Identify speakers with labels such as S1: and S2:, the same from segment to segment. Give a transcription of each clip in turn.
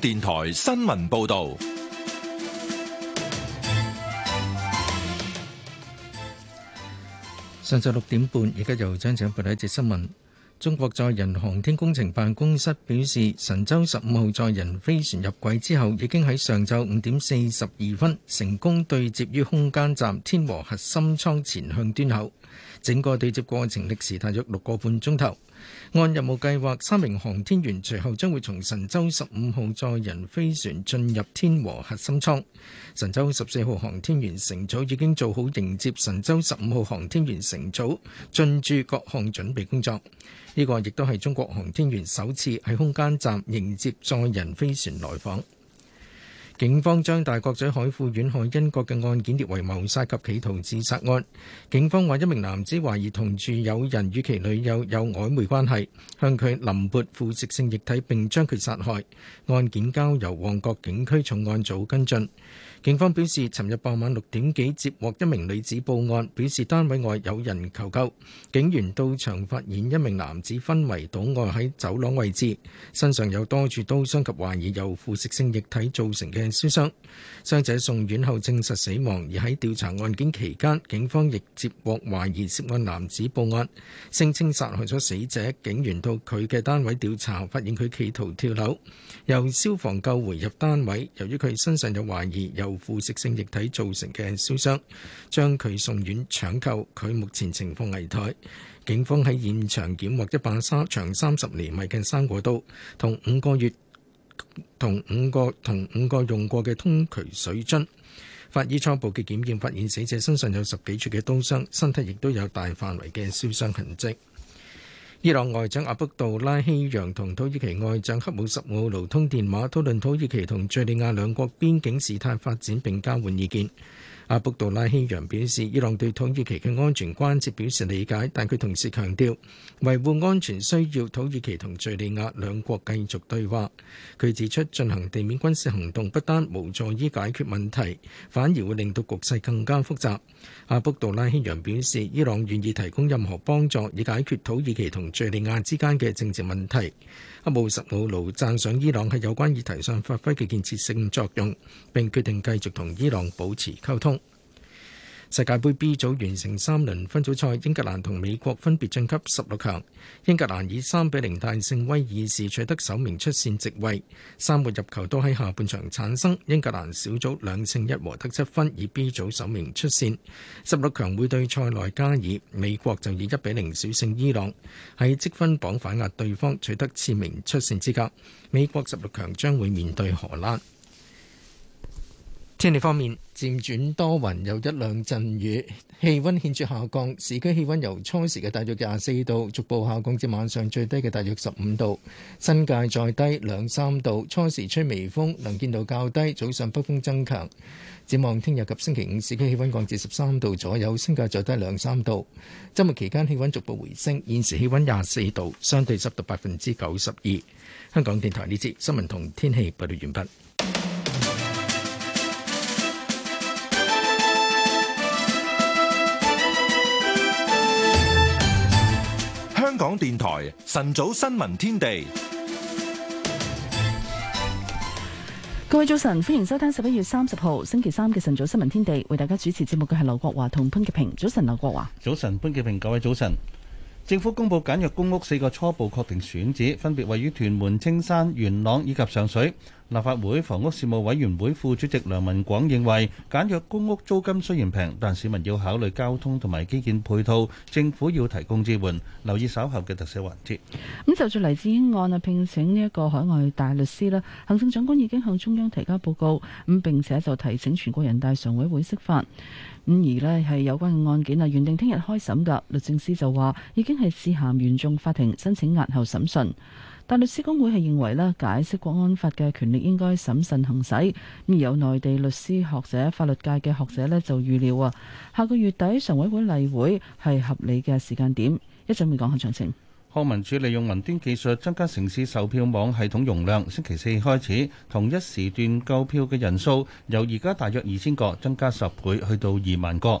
S1: 電台新聞報道：
S2: 上晝六點半，而家又將請播睇一節新聞。中國載人航天工程辦公室表示，神舟十五號載人飛船入軌之後，已經喺上晝五點四十二分成功對接於空間站天和核心艙前向端口。整個對接過程歷時大約六個半鐘頭。按任務計劃，三名航天員隨後將會從神舟十五號載人飛船進入天和核心艙。神舟十四號航天員乘組已經做好迎接神舟十五號航天員乘組進駐各項準備工作。呢個亦都係中國航天員首次喺空間站迎接載人飛船來訪。警方將大角咀海富苑海欣閣嘅案件列為謀殺及企圖自殺案。警方話一名男子懷疑同住友人與其女友有，有曖昧關係，向佢淋潑腐蝕性液體並將佢殺害。案件交由旺角警區重案組跟進。警方表示，尋日傍晚六點幾接獲一名女子報案，表示單位外有人求救。警員到場發現一名男子昏迷倒卧喺走廊位置，身上有多處刀傷及懷疑由腐蝕性液體造成嘅燒傷。傷者送院後證實死亡，而喺調查案件期間，警方亦接獲懷疑涉，涉案男子報案，聲稱殺害咗死者。警員到佢嘅單位調查，發現佢企圖跳樓，由消防救回入單位。由於佢身上有懷疑由腐蝕性液體造成嘅燒傷，將佢送院搶救，佢目前情況危殆。警方喺現場檢獲一把沙長三十厘米嘅生果刀同五個月。同五個同五個用過嘅通渠水樽。法醫初步嘅檢驗發現死者身上有十幾處嘅刀傷，身體亦都有大範圍嘅燒傷痕跡。伊朗外長阿卜杜拉希揚同土耳其外長恰姆什奧盧通電話，討論土耳其同敘利亞兩國邊境事態發展，並交換意見。阿卜杜拉希揚表示，伊朗對土耳其嘅安全關切表示理解，但佢同時強調，維護安全需要土耳其同敘利亞兩國繼續對話。佢指出，進行地面軍事行動不單無助於解決問題，反而會令到局勢更加複雜。阿卜杜拉希揚表示，伊朗願意提供任何幫助以解決土耳其同敘利亞之間嘅政治問題。阿布什魯魯讚賞伊朗喺有關議題上發揮嘅建設性作用，並決定繼續同伊朗保持溝通。世界杯 B 組完成三輪分組賽，英格蘭同美國分別晉級十六強。英格蘭以三比零大勝威爾士，取得首名出線席位。三個入球都喺下半場產生。英格蘭小組兩勝一和得七分，以 B 組首名出線。十六強會對塞內加爾。美國就以一比零小勝伊朗，喺積分榜反壓對方，取得次名出線資格。美國十六強將會面對荷蘭。天氣方面，漸轉多雲，有一兩陣雨，氣溫顯著下降。市區氣溫由初時嘅大約廿四度，逐步下降至晚上最低嘅大約十五度，新界再低兩三度。初時吹微風，能見度較低，早上北風增強。展望聽日及星期五，市區氣溫降至十三度左右，新界再低兩三度。周末期間氣溫逐步回升，現時氣溫廿四度，相對濕度百分之九十二。香港電台呢節新聞同天氣報道完畢。
S1: 港電台晨早新聞天地，
S3: 各位早晨，歡迎收聽十一月三十號星期三嘅晨早新聞天地，為大家主持節目嘅係劉國華同潘潔平。早晨，劉國華。
S4: 早晨，潘潔平。各位早晨。政府公布簡約公屋四個初步確定選址，分別位於屯門青山、元朗以及上水。立法會房屋事務委員會副主席梁文廣認為簡約公屋租金雖然平，但市民要考慮交通同埋基建配套，政府要提供支援。留意稍後嘅特色環節。
S3: 咁就住黎智英案啊，聘請呢一個海外大律師啦，行政長官已經向中央提交報告，咁並且就提醒全國人大常委會釋法。咁、嗯、而呢係有關嘅案件啊，原定聽日開審噶律政司就話已經係事前原訟法庭申請押後審訊，但律師公會係認為呢解釋國安法嘅權力應該審慎行使。咁、嗯、而有內地律師、學者、法律界嘅學者呢就預料啊，下個月底常委會例會係合理嘅時間點，一陣會講下詳情。
S4: 康文署利用雲端技術增加城市售票網系統容量。星期四開始，同一時段購票嘅人數由而家大約二千個增加十倍，去到二萬個。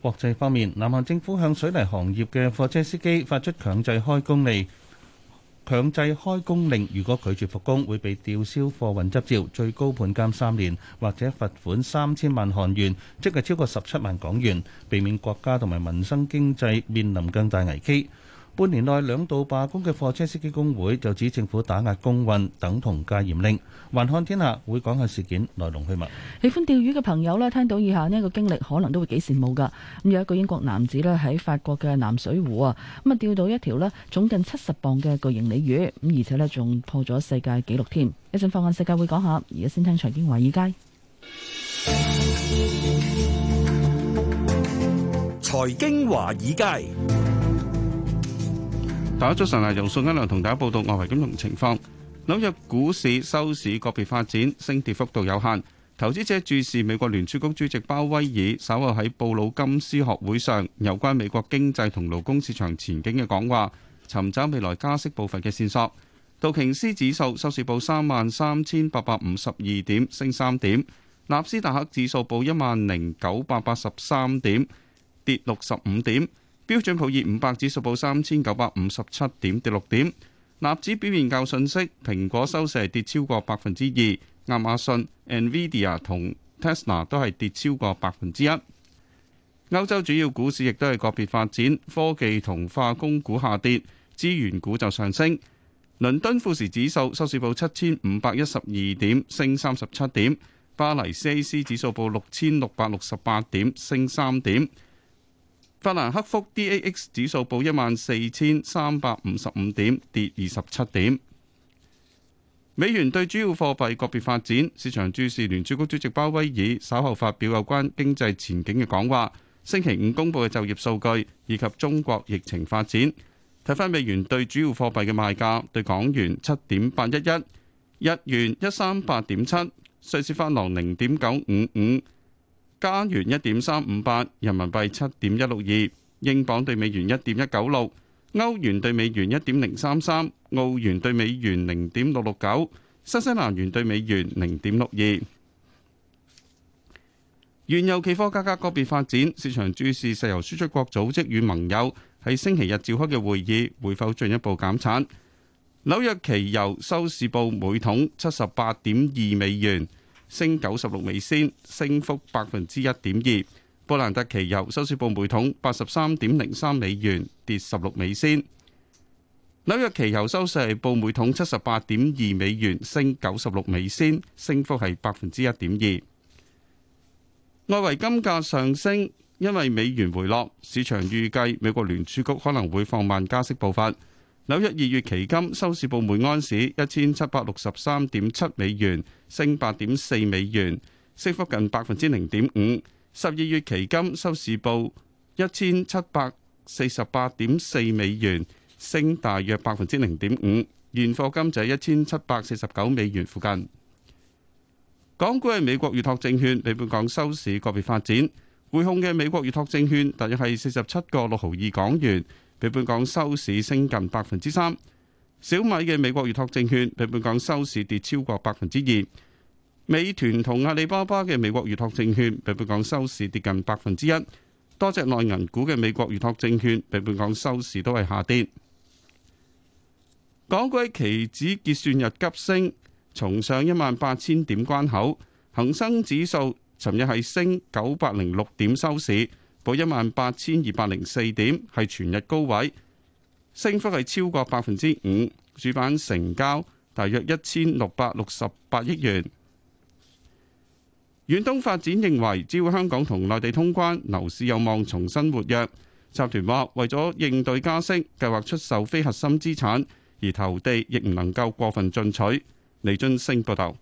S4: 國際方面，南韓政府向水泥行業嘅貨車司機發出強制開工令，強制開工令如果拒絕復工，會被吊銷貨運執照，最高判監三年或者罰款三千萬韓元，即係超過十七萬港元，避免國家同埋民生經濟面臨更大危機。半年內兩度罷工嘅貨車司機工會就指政府打壓工運等同戒嚴令。還看天下會講下事件來龍去脈。
S3: 喜歡釣魚嘅朋友咧，聽到以下呢、呢個經歷，可能都會幾羨慕噶。咁有一個英國男子咧喺法國嘅南水湖啊，咁啊釣到一條咧重近七十磅嘅巨型鯉魚，咁而且咧仲破咗世界紀錄添。一陣放眼世界會講下，而家先聽財經華爾街。
S5: 財經華爾街。大家早晨啊！由宋一良同大家報道外圍金融情況。紐約股市收市個別發展，升跌幅度有限。投資者注視美國聯儲局主席鮑威爾稍後喺布魯金斯學會上有關美國經濟同勞工市場前景嘅講話，尋找未來加息步伐嘅線索。道瓊斯指數收市報三萬三千八百五十二點，升三點。納斯達克指數報一萬零九百八十三點，跌六十五點。標準普爾五百指數報三千九百五十七點，跌六點。納指表現較遜色，蘋果收市跌超過百分之二，亞馬遜、Nvidia 同 Tesla 都係跌超過百分之一。歐洲主要股市亦都係個別發展，科技同化工股下跌，資源股就上升。倫敦富時指數收市報七千五百一十二點，升三十七點。巴黎 CAC 指數報六千六百六十八點，升三點。法蘭克福 DAX 指數報一萬四千三百五十五點，跌二十七點。美元對主要貨幣個別發展，市場注視聯儲局主席鮑威爾稍後發表有關經濟前景嘅講話，星期五公佈嘅就業數據以及中國疫情發展。睇返美元對主要貨幣嘅賣價：對港元七點八一一，日元一三八點七，瑞士法郎零點九五五。加元一點三五八，人民幣七點一六二，英鎊對美元一點一九六，歐元對美元一點零三三，澳元對美元零點六六九，新西蘭元對美元零點六二。原油期貨價格個別發展，市場注視石油輸出國組織與盟友喺星期日召開嘅會議，會否進一步減產？紐約期油收市報每桶七十八點二美元。升九十六美仙，升幅百分之一點二。布蘭特期油收市報每桶八十三點零三美元，跌十六美仙。紐約期油收市報每桶七十八點二美元，升九十六美仙，升幅係百分之一點二。外圍金價上升，因為美元回落，市場預計美國聯儲局可能會放慢加息步伐。紐約二月期金收市報每盎司一千七百六十三點七美元，升八點四美元，升幅近百分之零點五。十二月期金收市報一千七百四十八點四美元，升大約百分之零點五。現貨金就係一千七百四十九美元附近。港股係美國預託證券，比本港收市個別發展。匯控嘅美國預託證券，大約係四十七個六毫二港元。彼本港收市升近百分之三，小米嘅美國預託證券，比本港收市跌超過百分之二；美團同阿里巴巴嘅美國預託證券，比本港收市跌近百分之一。多隻內銀股嘅美國預託證券，比本港收市都係下跌。港股期指結算日急升，重上一萬八千點關口。恒生指數尋日係升九百零六點收市。嗰一萬八千二百零四點係全日高位，升幅係超過百分之五，主板成交大約一千六百六十八億元。遠東發展認為，只要香港同內地通關，樓市有望重新活躍。集團話，為咗應對加息，計劃出售非核心資產，而投地亦唔能夠過分進取。李津升報道。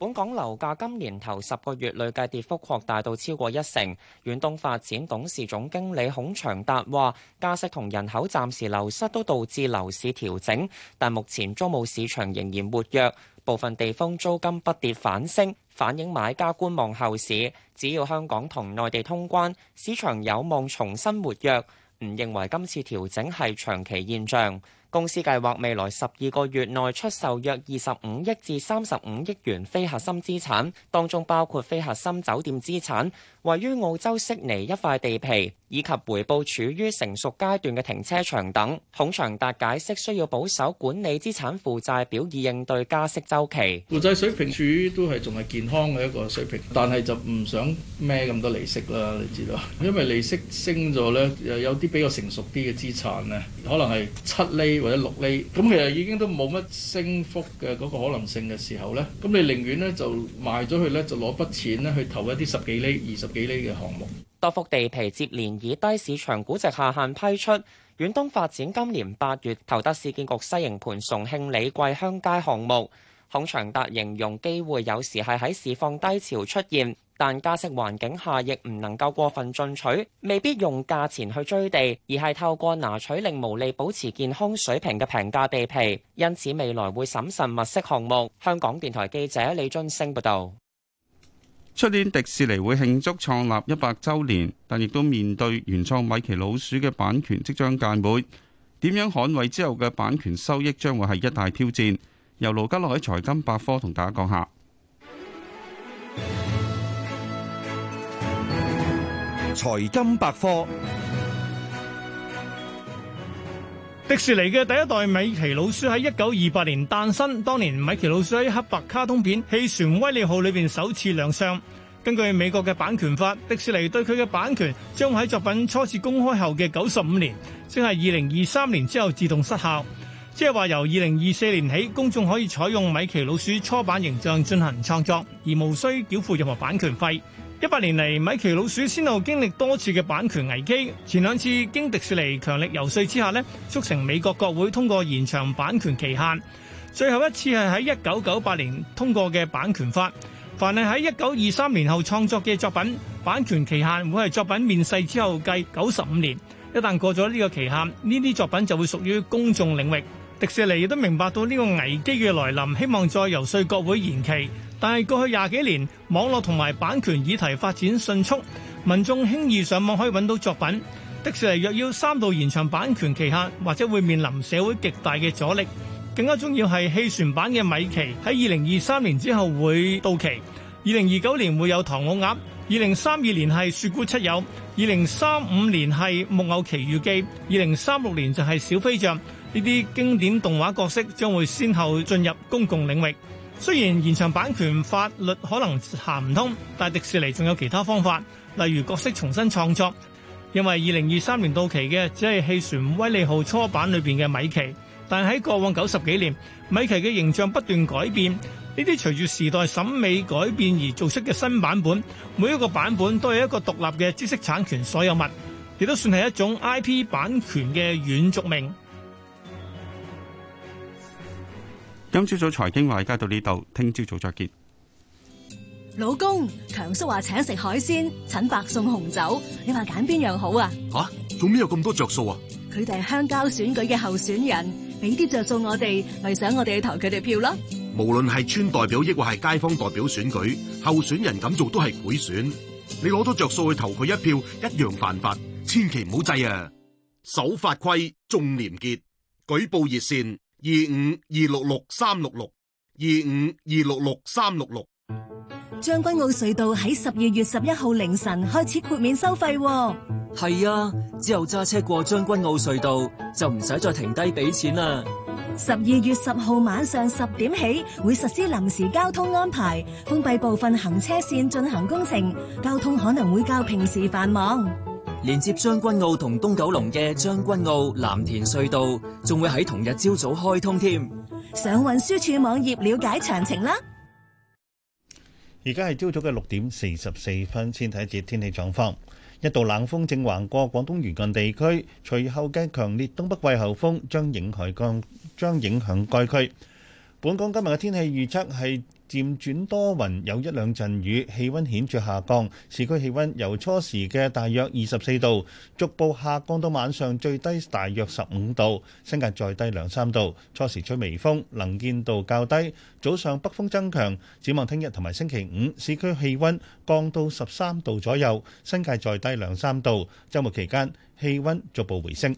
S6: 本港樓價今年頭十個月累計跌幅擴大到超過一成，遠東發展董事總經理孔祥達話：加息同人口暫時流失都導致樓市調整，但目前租務市場仍然活躍，部分地方租金不跌反升，反映買家觀望後市。只要香港同內地通關，市場有望重新活躍。唔認為今次調整係長期現象。公司計劃未來十二個月內出售約二十五億至三十五億元非核心資產，當中包括非核心酒店資產，位於澳洲悉尼一塊地皮。以及回報處於成熟階段嘅停車場等，孔祥達解釋需要保守管理資產負債表以應對加息週期。
S2: 負債水平處於都係仲係健康嘅一個水平，但係就唔想孭咁多利息啦。你知道，因為利息升咗咧，又有啲比較成熟啲嘅資產咧，可能係七釐或者六釐，咁其實已經都冇乜升幅嘅嗰個可能性嘅時候咧，咁你寧願
S6: 咧就賣咗佢咧，就攞筆錢咧去投一啲十幾釐、二十幾釐嘅項目。多幅地皮接連以低市場估值下限批出，遠東發展今年八月投得市建局西營盤崇慶里桂香街項目。孔祥達形容機會有時係喺市況低潮出現，但加息環境下亦唔能夠過分進取，未必用價錢去追地，而係透過拿取令毛利保持健康水平嘅平價地皮。因此未來會審慎物色項目。香港電台記者李津升報道。
S5: 出年迪士尼會慶祝創立一百週年，但亦都面對原創米奇老鼠嘅版權即將屆滿，點樣捍衛之後嘅版權收益，將會係一大挑戰。由盧家樂喺財金百科同大家講下。財
S7: 金百科。迪士尼嘅第一代米奇老鼠喺一九二八年誕生，當年米奇老鼠喺黑白卡通片《汽船威利號》裏邊首次亮相。根據美國嘅版權法，迪士尼對佢嘅版權將喺作品初次公開後嘅九十五年，即係二零二三年之後自動失效。即係話由二零二四年起，公眾可以採用米奇老鼠初版形象進行創作，而無需繳付任何版權費。一百年嚟，米奇老鼠先後經歷多次嘅版權危機，前兩次經迪士尼強力遊說之下咧，促成美國國會通過延長版權期限。最後一次係喺一九九八年通過嘅版權法，凡係喺一九二三年後創作嘅作品，版權期限會係作品面世之後計九十五年。一旦過咗呢個期限，呢啲作品就會屬於公眾領域。迪士尼亦都明白到呢個危機嘅來臨，希望再遊說國會延期。但係過去廿幾年，網絡同埋版權議題發展迅速，民眾輕易上網可以揾到作品。迪士尼若要三度延長版權期限，或者會面臨社會極大嘅阻力。更加重要係汽船版嘅米奇喺二零二三年之後會到期，二零二九年會有唐老鴨，二零三二年係雪姑七友，二零三五年係木偶奇遇記，二零三六年就係小飛象。呢啲經典動畫角色將會先後進入公共領域。雖然延長版權法律可能行唔通，但迪士尼仲有其他方法，例如角色重新創作。因為二零二三年到期嘅只係《汽船威利號》初版裏邊嘅米奇，但喺過往九十幾年，米奇嘅形象不斷改變。呢啲隨住時代審美改變而做出嘅新版本，每一個版本都有一個獨立嘅知識產權所有物，亦都算係一種 IP 版權嘅遠續命。
S5: 今朝早財經話而家到呢度，聽朝早再見。
S8: 老公，強叔話請食海鮮，陳伯送紅酒，你話揀邊樣好啊？
S1: 吓，做咩有咁多着數啊？
S8: 佢哋係鄉郊選舉嘅候選人，俾啲着數我哋，咪想我哋去投佢哋票咯。
S1: 無論係村代表，抑或係街坊代表選舉，候選人咁做都係賄選。你攞到着數去投佢一票，一樣犯法。千祈唔好制啊！守法規，重廉潔，舉報熱線。二五二六六三六六，二五二六六三六六。
S8: 將軍澳隧道喺十二月十一號凌晨開始豁免收費喎。
S9: 係啊，之後揸車過將軍澳隧道就唔使再停低俾錢
S3: 啦。
S8: 十二月十號晚上十點起會實施臨時交通安排，封閉部分行車線進行工程，交通可能會較平時繁忙。
S9: 連接將軍澳同東九龍嘅將軍澳藍田隧道，仲會喺同
S4: 日朝早開通添。
S8: 上運輸署網頁了解詳情啦。
S4: 而家係朝早嘅六點四十四分，先睇一節天氣狀況。一度冷風正橫過廣東沿岸地區，隨後嘅強烈東北季候風將影響該將影響該區。本港今日嘅天氣預測係。漸轉多雲，有一兩陣雨，氣温顯著下降。市區氣温由初時嘅大約二十四度，逐步下降到晚上最低大約十五度，新界再低兩三度。初時吹微風，能見度較低。早上北風增強，展望聽日同埋星期五，市區氣温降到十三度左右，新界再低兩三度。週末期間，氣温逐步回升。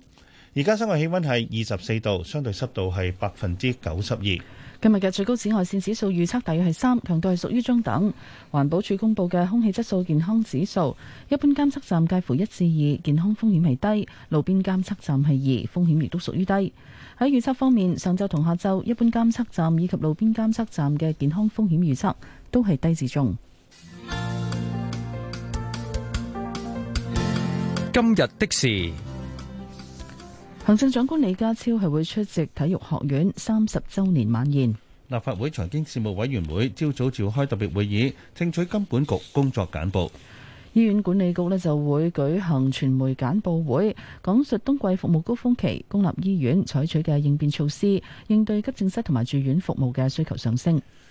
S4: 而家室外氣温係二十四度，相對濕度係百分之九十二。
S3: 今日嘅最高紫外線指數預測大約係三，強度係屬於中等。環保署公佈嘅空氣質素健康指數，一般監測站介乎一至二，健康風險係低；路邊監測站係二，風險亦都屬於低。喺預測方面，上晝同下晝一般監測站以及路邊監測站嘅健康風險預測都係低至中。
S4: 今日的事。
S3: 行政長官李家超係會出席體育學院三十周年晚宴。
S4: 立法會財經事務委員會朝早召開特別會議，聽取金管局工作簡報。
S3: 醫院管理局呢就會舉行傳媒簡報會，講述冬季服務高峰期公立醫院採取嘅應變措施，應對急症室同埋住院服務嘅需求上升。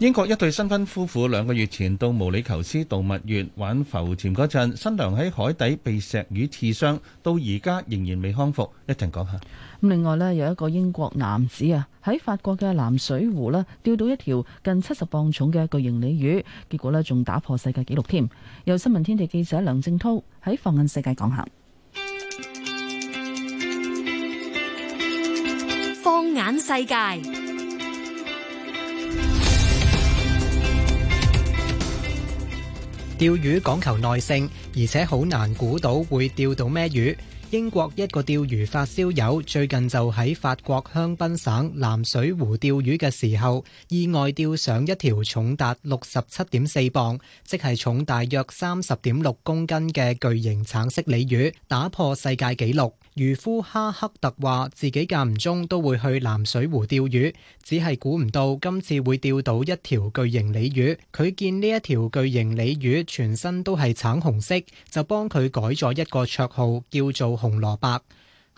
S4: 英國一對新婚夫婦兩個月前到毛里求斯度蜜月玩浮潛嗰陣，新娘喺海底被石魚刺傷，到而家仍然未康復。一陣講下說
S3: 說。另外咧，有一個英國男子啊，喺法國嘅藍水湖咧釣到一條近七十磅重嘅巨型銀鯉魚，結果咧仲打破世界紀錄添。由新聞天地記者梁正濤喺放眼世界講下。
S10: 放眼世界。說說
S11: 釣魚講求耐性，而且好難估到會釣到咩魚。英國一個釣魚發燒友最近就喺法國香檳省南水湖釣魚嘅時候，意外釣上一條重達六十七點四磅，即係重大約三十點六公斤嘅巨型橙色鯉魚，打破世界紀錄。漁夫哈克特話：自己間唔中都會去南水湖釣魚，只係估唔到今次會釣到一條巨型鯉魚。佢見呢一條巨型鯉魚全身都係橙紅色，就幫佢改咗一個綽號，叫做，紅蘿蔔。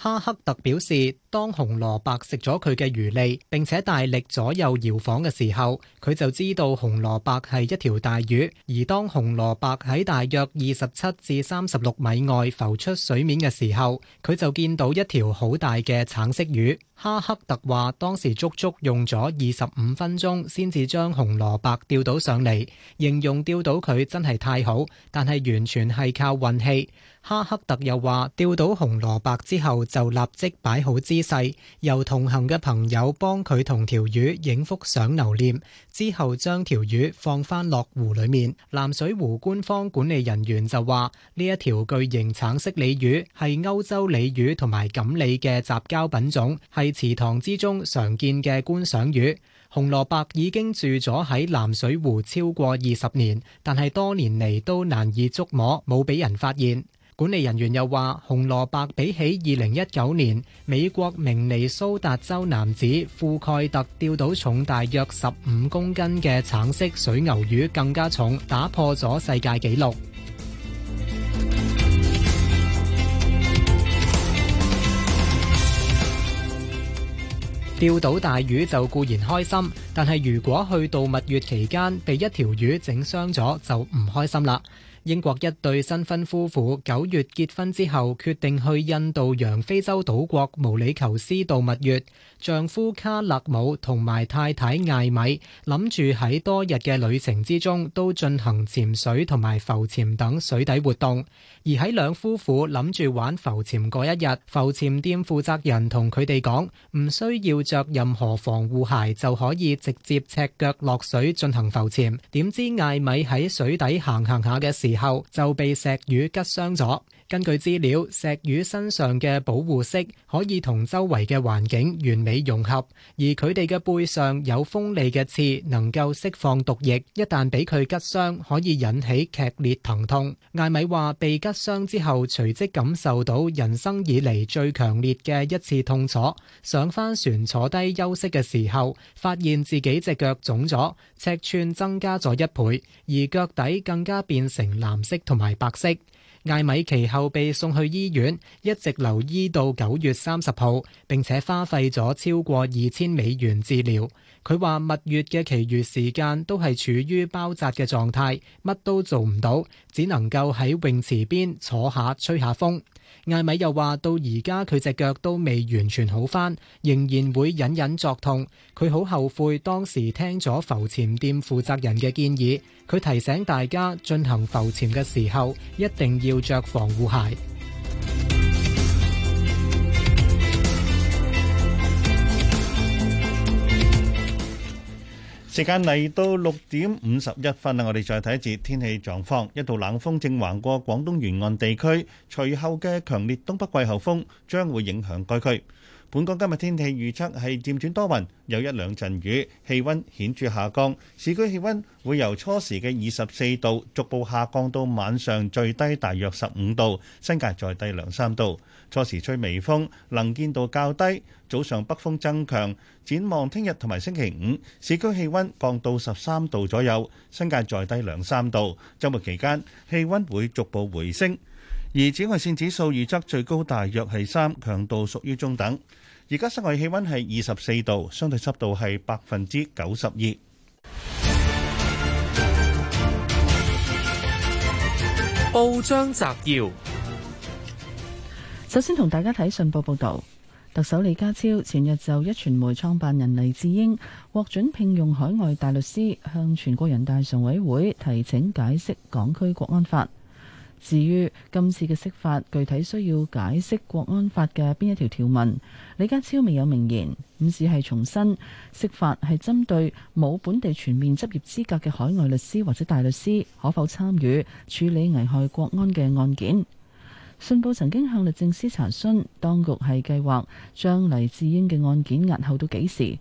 S11: 哈克特表示。當紅蘿蔔食咗佢嘅魚餌，並且大力左右搖晃嘅時候，佢就知道紅蘿蔔係一條大魚。而當紅蘿蔔喺大約二十七至三十六米外浮出水面嘅時候，佢就見到一條好大嘅橙色魚。哈克特話，當時足足用咗二十五分鐘先至將紅蘿蔔釣到上嚟，形容釣到佢真係太好，但係完全係靠運氣。哈克特又話，釣到紅蘿蔔之後就立即擺好姿。細由同行嘅朋友幫佢同條魚影幅相留念，之後將條魚放返落湖裏面。藍水湖官方管理人員就話，呢一條巨型橙色鯉魚係歐洲鯉魚同埋錦鯉嘅雜交品種，係池塘之中常見嘅觀賞魚。紅蘿蔔已經住咗喺藍水湖超過二十年，但係多年嚟都難以捉摸，冇俾人發現。管理人員又話：紅蘿蔔比起二零一九年美國明尼蘇達州男子富蓋特釣到重大約十五公斤嘅橙色水牛魚更加重，打破咗世界紀錄。釣到大魚就固然開心，但係如果去到蜜月期間被一條魚整傷咗，就唔開心啦。英國一對新婚夫婦九月結婚之後，決定去印度洋非洲島國毛里求斯度蜜月。丈夫卡勒姆同埋太太艾米諗住喺多日嘅旅程之中都進行潛水同埋浮潛等水底活動，而喺兩夫婦諗住玩浮潛嗰一日，浮潛店負責人同佢哋講唔需要着任何防護鞋就可以直接赤腳落水進行浮潛。點知艾米喺水底行行下嘅時候就被石魚拮傷咗。根據資料，石魚身上嘅保護色可以同周圍嘅環境完美融合，而佢哋嘅背上有鋒利嘅刺，能夠釋放毒液。一旦俾佢拮傷，可以引起劇烈疼痛。艾米話：被拮傷之後，隨即感受到人生以嚟最強烈嘅一次痛楚。上返船坐低休息嘅時候，發現自己隻腳腫咗，尺寸增加咗一倍，而腳底更加變成藍色同埋白色。艾米其後被送去醫院，一直留醫到九月三十號，並且花費咗超過二千美元治療。佢話蜜月嘅其餘時間都係處於包紮嘅狀態，乜都做唔到，只能夠喺泳池邊坐下吹下風。艾米又話到而家佢隻腳都未完全好返，仍然會隱隱作痛。佢好後悔當時聽咗浮潛店負責人嘅建議，佢提醒大家進行浮潛嘅時候一定要着防護鞋。
S4: 時間嚟到六點五十一分啦，我哋再睇一節天氣狀況。一道冷鋒正橫過廣東沿岸地區，隨後嘅強烈東北季候風將會影響該區。本港今日天氣預測係漸轉多雲，有一兩陣雨，氣溫顯著下降。市區氣溫會由初時嘅二十四度逐步下降到晚上最低大約十五度，新界再低兩三度。初時吹微風，能見度較低。早上北風增強，展望聽日同埋星期五，市區氣溫降到十三度左右，新界再低兩三度。周末期間氣溫會逐步回升，而紫外線指數預測最高大約係三，強度屬於中等。而家室外氣溫係二十四度，相對濕度係百分之九十二。報章摘
S12: 要，
S3: 首先同大家睇信報報導，特首李家超前日就壹傳媒創辦人黎智英獲准聘用海外大律師，向全國人大常委會提請解釋《港區國安法》。至於今次嘅釋法，具體需要解釋《國安法》嘅邊一條條文？李家超未有明言，咁只係重申釋法係針對冇本地全面執業資格嘅海外律師或者大律師可否參與處理危害國安嘅案件。信報曾經向律政司查詢，當局係計劃將黎智英嘅案件押後到幾時？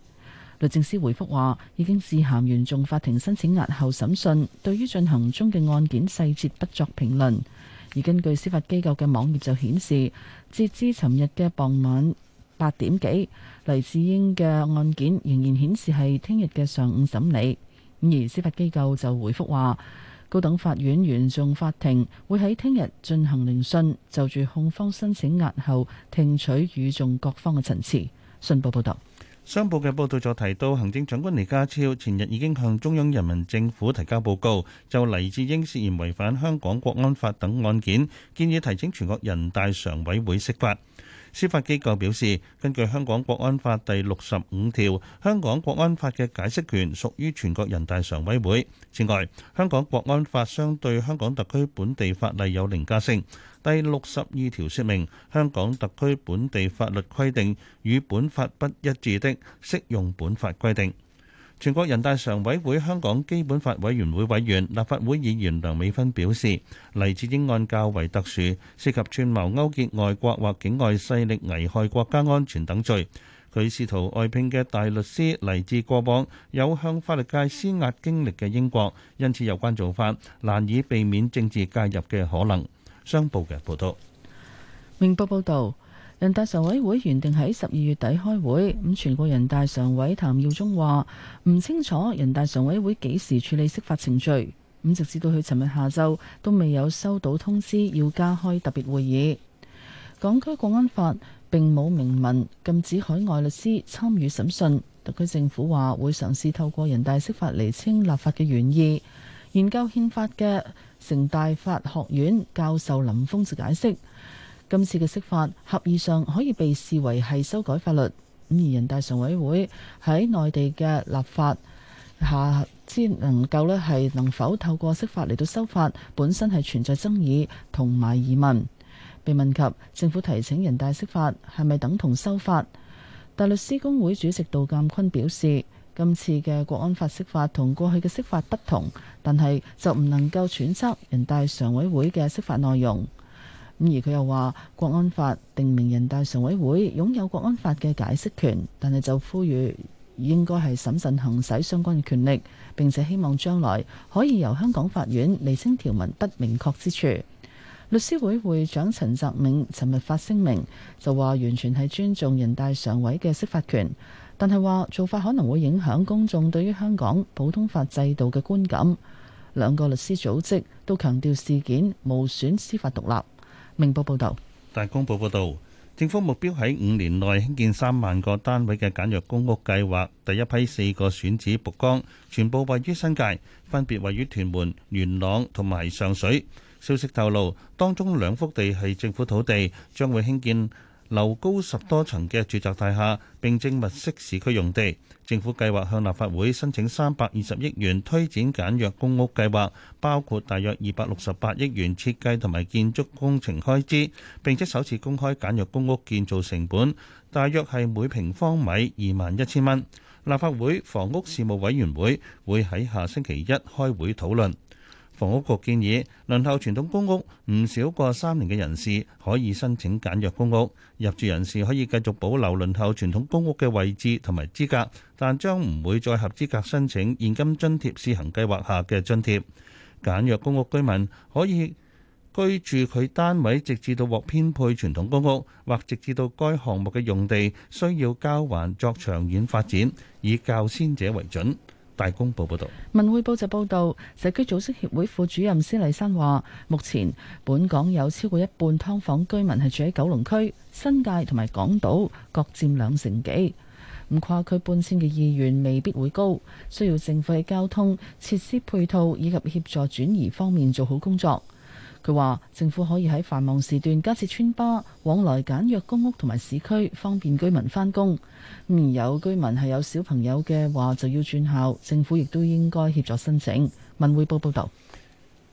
S3: 律政司回覆話，已經致函原訟法庭申請押後審訊，對於進行中嘅案件細節不作評論。而根據司法機構嘅網頁就顯示，截至尋日嘅傍晚八點幾，黎智英嘅案件仍然顯示係聽日嘅上午審理。咁而司法機構就回覆話，高等法院原訟法庭會喺聽日進行聆訊，就住控方申請押後聽取與眾各方嘅陳詞。信報報道。
S4: 商報嘅報道就提到，行政長官李家超前日已經向中央人民政府提交報告，就黎智英涉嫌違反香港國安法等案件，建議提請全國人大常委會釋法。司法機構表示，根據香港國安法第六十五條，香港國安法嘅解釋權屬於全國人大常委會。此外，香港國安法相對香港特區本地法例有凌駕性。第六十二條説明，香港特區本地法律規定與本法不一致的，適用本法規定。全國人大常委會香港基本法委員會委員、立法會議員梁美芬表示，黎智英案較為特殊，涉及串謀勾結外國或境外勢力危害國家安全等罪。佢試圖外聘嘅大律師嚟自過往有向法律界施壓經歷嘅英國，因此有關做法難以避免政治介入嘅可能。商報嘅報道，
S3: 明報報道，人大常委會原定喺十二月底開會，咁全國人大常委譚耀宗話唔清楚人大常委會幾時處理釋法程序，咁直至到佢尋日下晝都未有收到通知要加開特別會議，港區國安法並冇明文禁止海外律師參與審訊，特區政府話會嘗試透過人大釋法釐清立法嘅原意，研究憲法嘅。成大法學院教授林峰就解釋，今次嘅釋法合義上可以被視為係修改法律，咁而人大常委會喺內地嘅立法下，先能夠咧係能否透過釋法嚟到修法，本身係存在爭議同埋疑問。被問及政府提請人大釋法係咪等同修法，大律師公會主席杜淦堃表示。今次嘅《國安法》釋法同過去嘅釋法不同，但係就唔能夠揣測人大常委會嘅釋法內容。咁而佢又話，《國安法》定明人大常委會擁有《國安法》嘅解釋權，但係就呼籲應該係審慎行使相關嘅權力，並且希望將來可以由香港法院釐清條文不明確之處。律師會會長陳澤銘尋日發聲明，聲明就話，完全係尊重人大常委嘅釋法權。但係話做法可能會影響公眾對於香港普通法制度嘅觀感。兩個律師組織都強調事件無損司法獨立。明報報道。
S4: 大公報報道，政府目標喺五年內興建三萬個單位嘅簡約公屋計劃，第一批四個選址曝光，全部位於新界，分別位於屯門、元朗同埋上水。消息透露，當中兩幅地係政府土地，將會興建。樓高十多層嘅住宅大廈，並正物色市區用地。政府計劃向立法會申請三百二十億元推展簡約公屋計劃，包括大約二百六十八億元設計同埋建築工程開支，並且首次公開簡約公屋建造成本，大約係每平方米二萬一千蚊。立法會房屋事務委員會會喺下星期一開會討論。房屋局建議，輪候傳統公屋唔少過三年嘅人士可以申請簡約公屋。入住人士可以繼續保留輪候傳統公屋嘅位置同埋資格，但將唔會再合資格申請現金津貼試行計劃下嘅津貼。簡約公屋居民可以居住佢單位，直至到獲編配傳統公屋，或直至到該項目嘅用地需要交還作長遠發展，以較先者為準。大公報報道，
S3: 文匯報就報道，社區組織協會副主任施麗珊話，目前本港有超過一半劏房居民係住喺九龍區、新界同埋港島，各占兩成幾。咁跨區搬遷嘅意願未必會高，需要政府喺交通設施配套以及協助轉移方面做好工作。佢話：政府可以喺繁忙時段加設村巴，往來簡約公屋同埋市區，方便居民返工。咁而有居民係有小朋友嘅話，就要轉校，政府亦都應該協助申請。文匯報報道，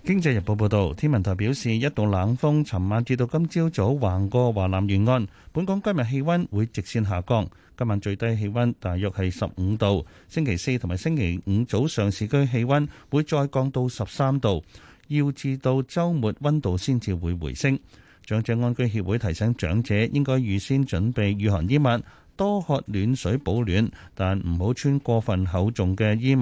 S4: 經濟日報報道，天文台表示，一道冷鋒尋晚至到今朝早橫過華南沿岸，本港今日氣温會直線下降。今晚最低氣温大約係十五度，星期四同埋星期五早上市區氣温會再降到十三度。要至到周末，溫度先至會回升。長者安居協會提醒長者應該預先準備禦寒衣物，多喝暖水保暖，但唔好穿過分厚重嘅衣物。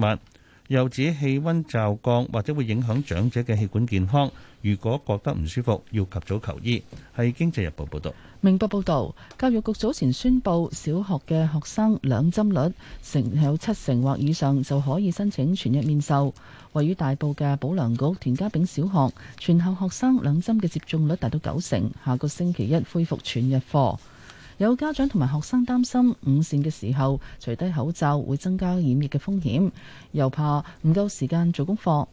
S4: 又指氣溫驟降或者會影響長者嘅血管健康，如果覺得唔舒服，要及早求醫，係經濟日報報道。
S3: 明報報道，教育局早前宣佈，小學嘅學生兩針率成有七成或以上就可以申請全日面授。位於大埔嘅保良局田家炳小學，全校學生兩針嘅接種率達到九成，下個星期一恢復全日課。有家長同埋學生擔心午膳嘅時候除低口罩會增加染疫嘅風險，又怕唔夠時間做功課。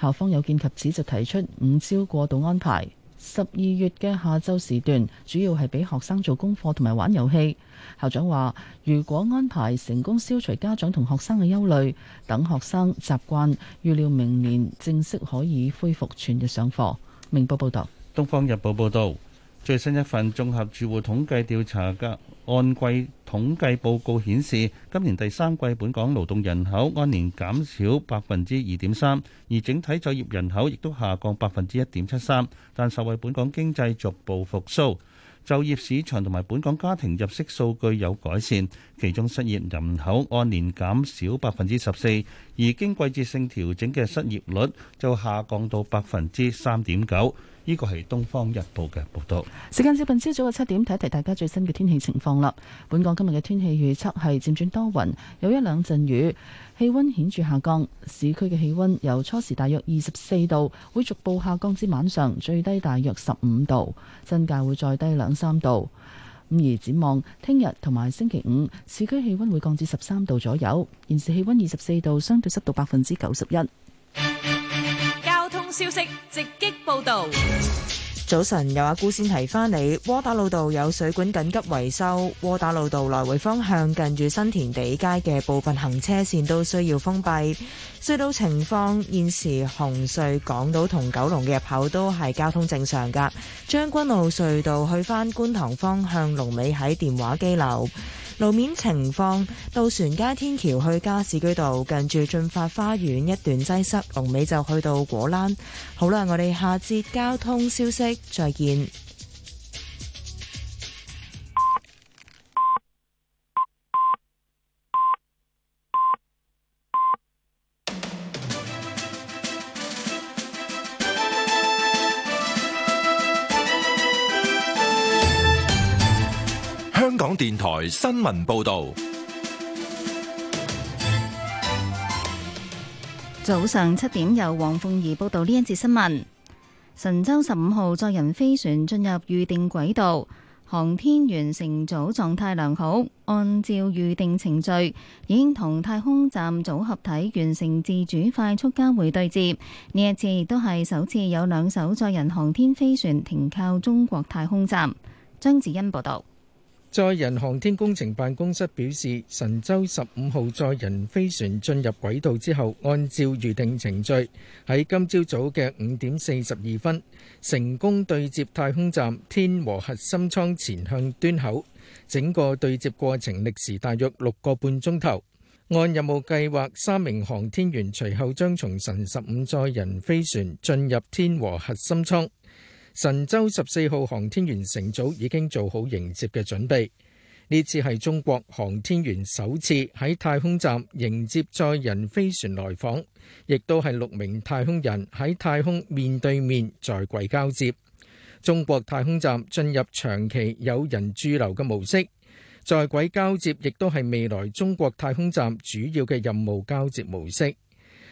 S3: 校方有見及此，就提出五招過渡安排。十二月嘅下晝時段，主要係俾學生做功課同埋玩遊戲。校長話：如果安排成功，消除家長同學生嘅憂慮，等學生習慣，預料明年正式可以恢復全日上課。明報報道，東方日
S4: 報報道。最新一份綜合住戶統計調查嘅按季統計報告顯示，今年第三季本港勞動人口按年減少百分之二點三，而整體就業人口亦都下降百分之一點七三。但受惠本港經濟逐步復甦，就業市場同埋本港家庭入息數據有改善。其中失業人口按年減少百分之十四，而經季節性調整嘅失業率就下降到百分之三點九。呢個係《東方日報》嘅報道。
S3: 時間接近朝早嘅七點，睇一睇大家最新嘅天氣情況啦。本港今日嘅天氣預測係漸轉多雲，有一兩陣雨，氣溫顯著下降。市區嘅氣溫由初時大約二十四度，會逐步下降至晚上最低大約十五度，增差會再低兩三度。咁而展望聽日同埋星期五，市區氣溫會降至十三度左右。現時氣溫二十四度，相對濕度百分之九十一。
S8: 消息直擊報道。
S13: 早晨，有阿姑先提翻你，窩打老道有水管緊急維修，窩打老道來回方向近住新田地街嘅部分行車線都需要封閉。隧道情況，現時洪隧港島同九龍嘅入口都係交通正常㗎。將軍澳隧道去返觀塘方向龍尾喺電話機樓。路面情況，渡船街天橋去加士居道近住進發花園一段擠塞，龍尾就去到果欄。好啦，我哋下節交通消息，再見。
S1: 香港電台新聞報道，
S10: 早上七點由黃鳳儀報道呢一節新聞。神舟十五號載人飛船進入預定軌道，航天員乘組狀態良好，按照預定程序已經同太空站組合體完成自主快速交會對接。呢一次亦都係首次有兩艘載人航天飛船停靠中國太空站。張子欣報道。
S2: 載人航天工程辦公室表示，神舟十五號載人飛船進入軌道之後，按照預定程序，喺今朝早嘅五點四十二分，成功對接太空站天和核心艙前向端口。整個對接過程歷時大約六個半鐘頭，按任務計劃三名航天員隨後將從神十五載人飛船進入天和核心艙。神舟十四號航天員乘組已經做好迎接嘅準備，呢次係中國航天員首次喺太空站迎接載人飛船來訪，亦都係六名太空人喺太空面對面在軌交接。中國太空站進入長期有人駐留嘅模式，在軌交接亦都係未來中國太空站主要嘅任務交接模式。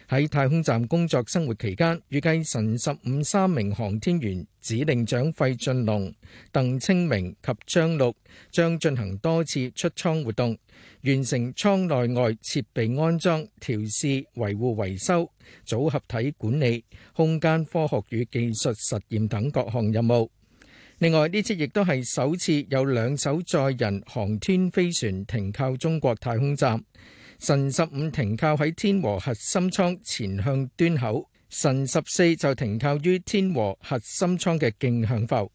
S2: 喺太空站工作生活期間，預計神十五三名航天員指令長費俊龍、鄧清明及張陸將進行多次出艙活動，完成艙內外設備安裝、調試、維護、維修、組合體管理、空間科學與技術實驗等各項任務。另外，呢次亦都係首次有兩艘載人航天飛船停靠中國太空站。神十五停靠喺天和核心艙前向端口，神十四就停靠於天和核心艙嘅徑向口。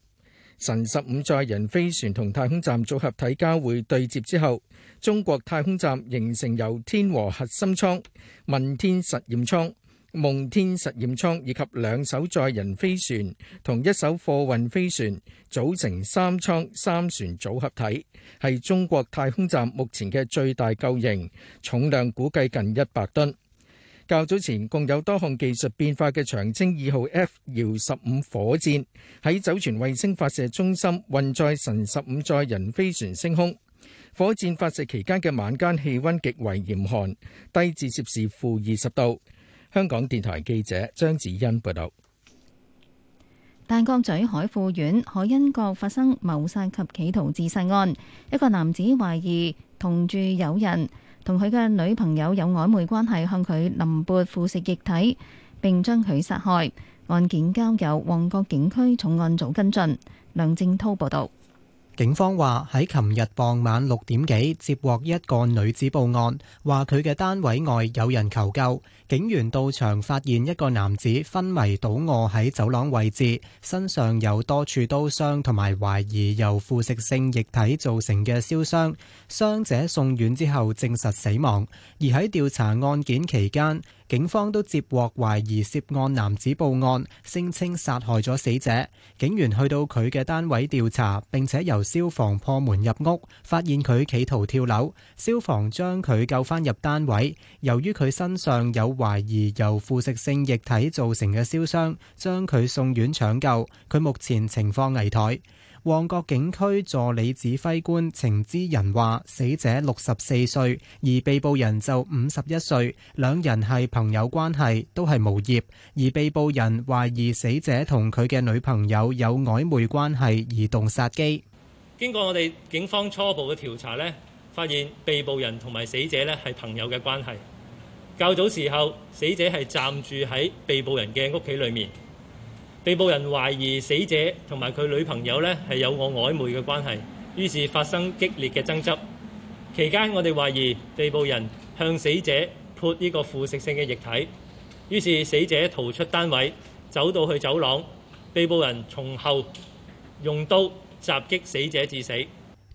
S2: 神十五載人飛船同太空站組合體交會對接之後，中國太空站形成由天和核心艙、問天實驗艙。夢天實驗艙以及兩艘載人飛船同一艘貨運飛船組成三艙三船組合體，係中國太空站目前嘅最大構型，重量估計近一百噸。較早前，共有多項技術變化嘅長征二號 F 遙十五火箭喺酒泉衛星發射中心運載神十五載人飛船升空。火箭發射期間嘅晚間氣溫極為嚴寒，低至攝氏負二十度。香港電台記者張子欣報道：
S10: 大角咀海富苑海欣閣發生謀殺及企圖自殺案，一個男子懷疑同住友人同佢嘅女朋友有曖昧關係，向佢淋潑腐蝕液體，並將佢殺害。案件交由旺角警區重案組跟進。梁正濤報道。
S11: 警方話喺琴日傍晚六點幾接獲一個女子報案，話佢嘅單位外有人求救。警員到場發現一個男子昏迷倒卧喺走廊位置，身上有多處刀傷同埋懷疑由腐蝕性液體造成嘅燒傷。傷者送院之後證實死亡。而喺調查案件期間，警方都接獲懷疑涉案男子報案，聲稱殺害咗死者。警員去到佢嘅單位調查，並且由消防破門入屋，發現佢企圖跳樓。消防將佢救返入單位，由於佢身上有懷疑由腐蝕性液體造成嘅燒傷，將佢送院搶救。佢目前情況危殆。旺角警區助理指揮官程之仁話：死者六十四歲，而被捕人就五十一歲，兩人係朋友關係，都係無業。而被捕人懷疑死者同佢嘅女朋友有曖昧關係，而動殺機。
S14: 經過我哋警方初步嘅調查呢，發現被捕人同埋死者呢係朋友嘅關係。較早時候，死者係暫住喺被捕人嘅屋企裏面。被捕人懷疑死者同埋佢女朋友呢係有過曖昧嘅關係，於是發生激烈嘅爭執。期間，我哋懷疑被捕人向死者潑呢個腐蝕性嘅液體，於是死者逃出單位走到去走廊，被捕人從後用刀襲擊死者致死。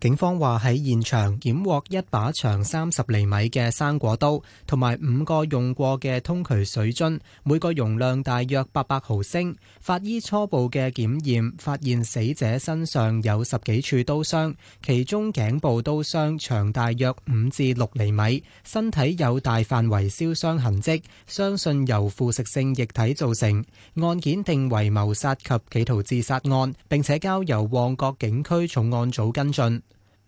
S11: 警方話喺現場檢獲一把長三十厘米嘅生果刀，同埋五個用過嘅通渠水樽，每個容量大約八百毫升。法醫初步嘅檢驗發現，死者身上有十幾處刀傷，其中頸部刀傷長大約五至六厘米，身體有大範圍燒傷痕跡，相信由腐蝕性液體造成。案件定為謀殺及企圖自殺案，並且交由旺角警區重案組跟進。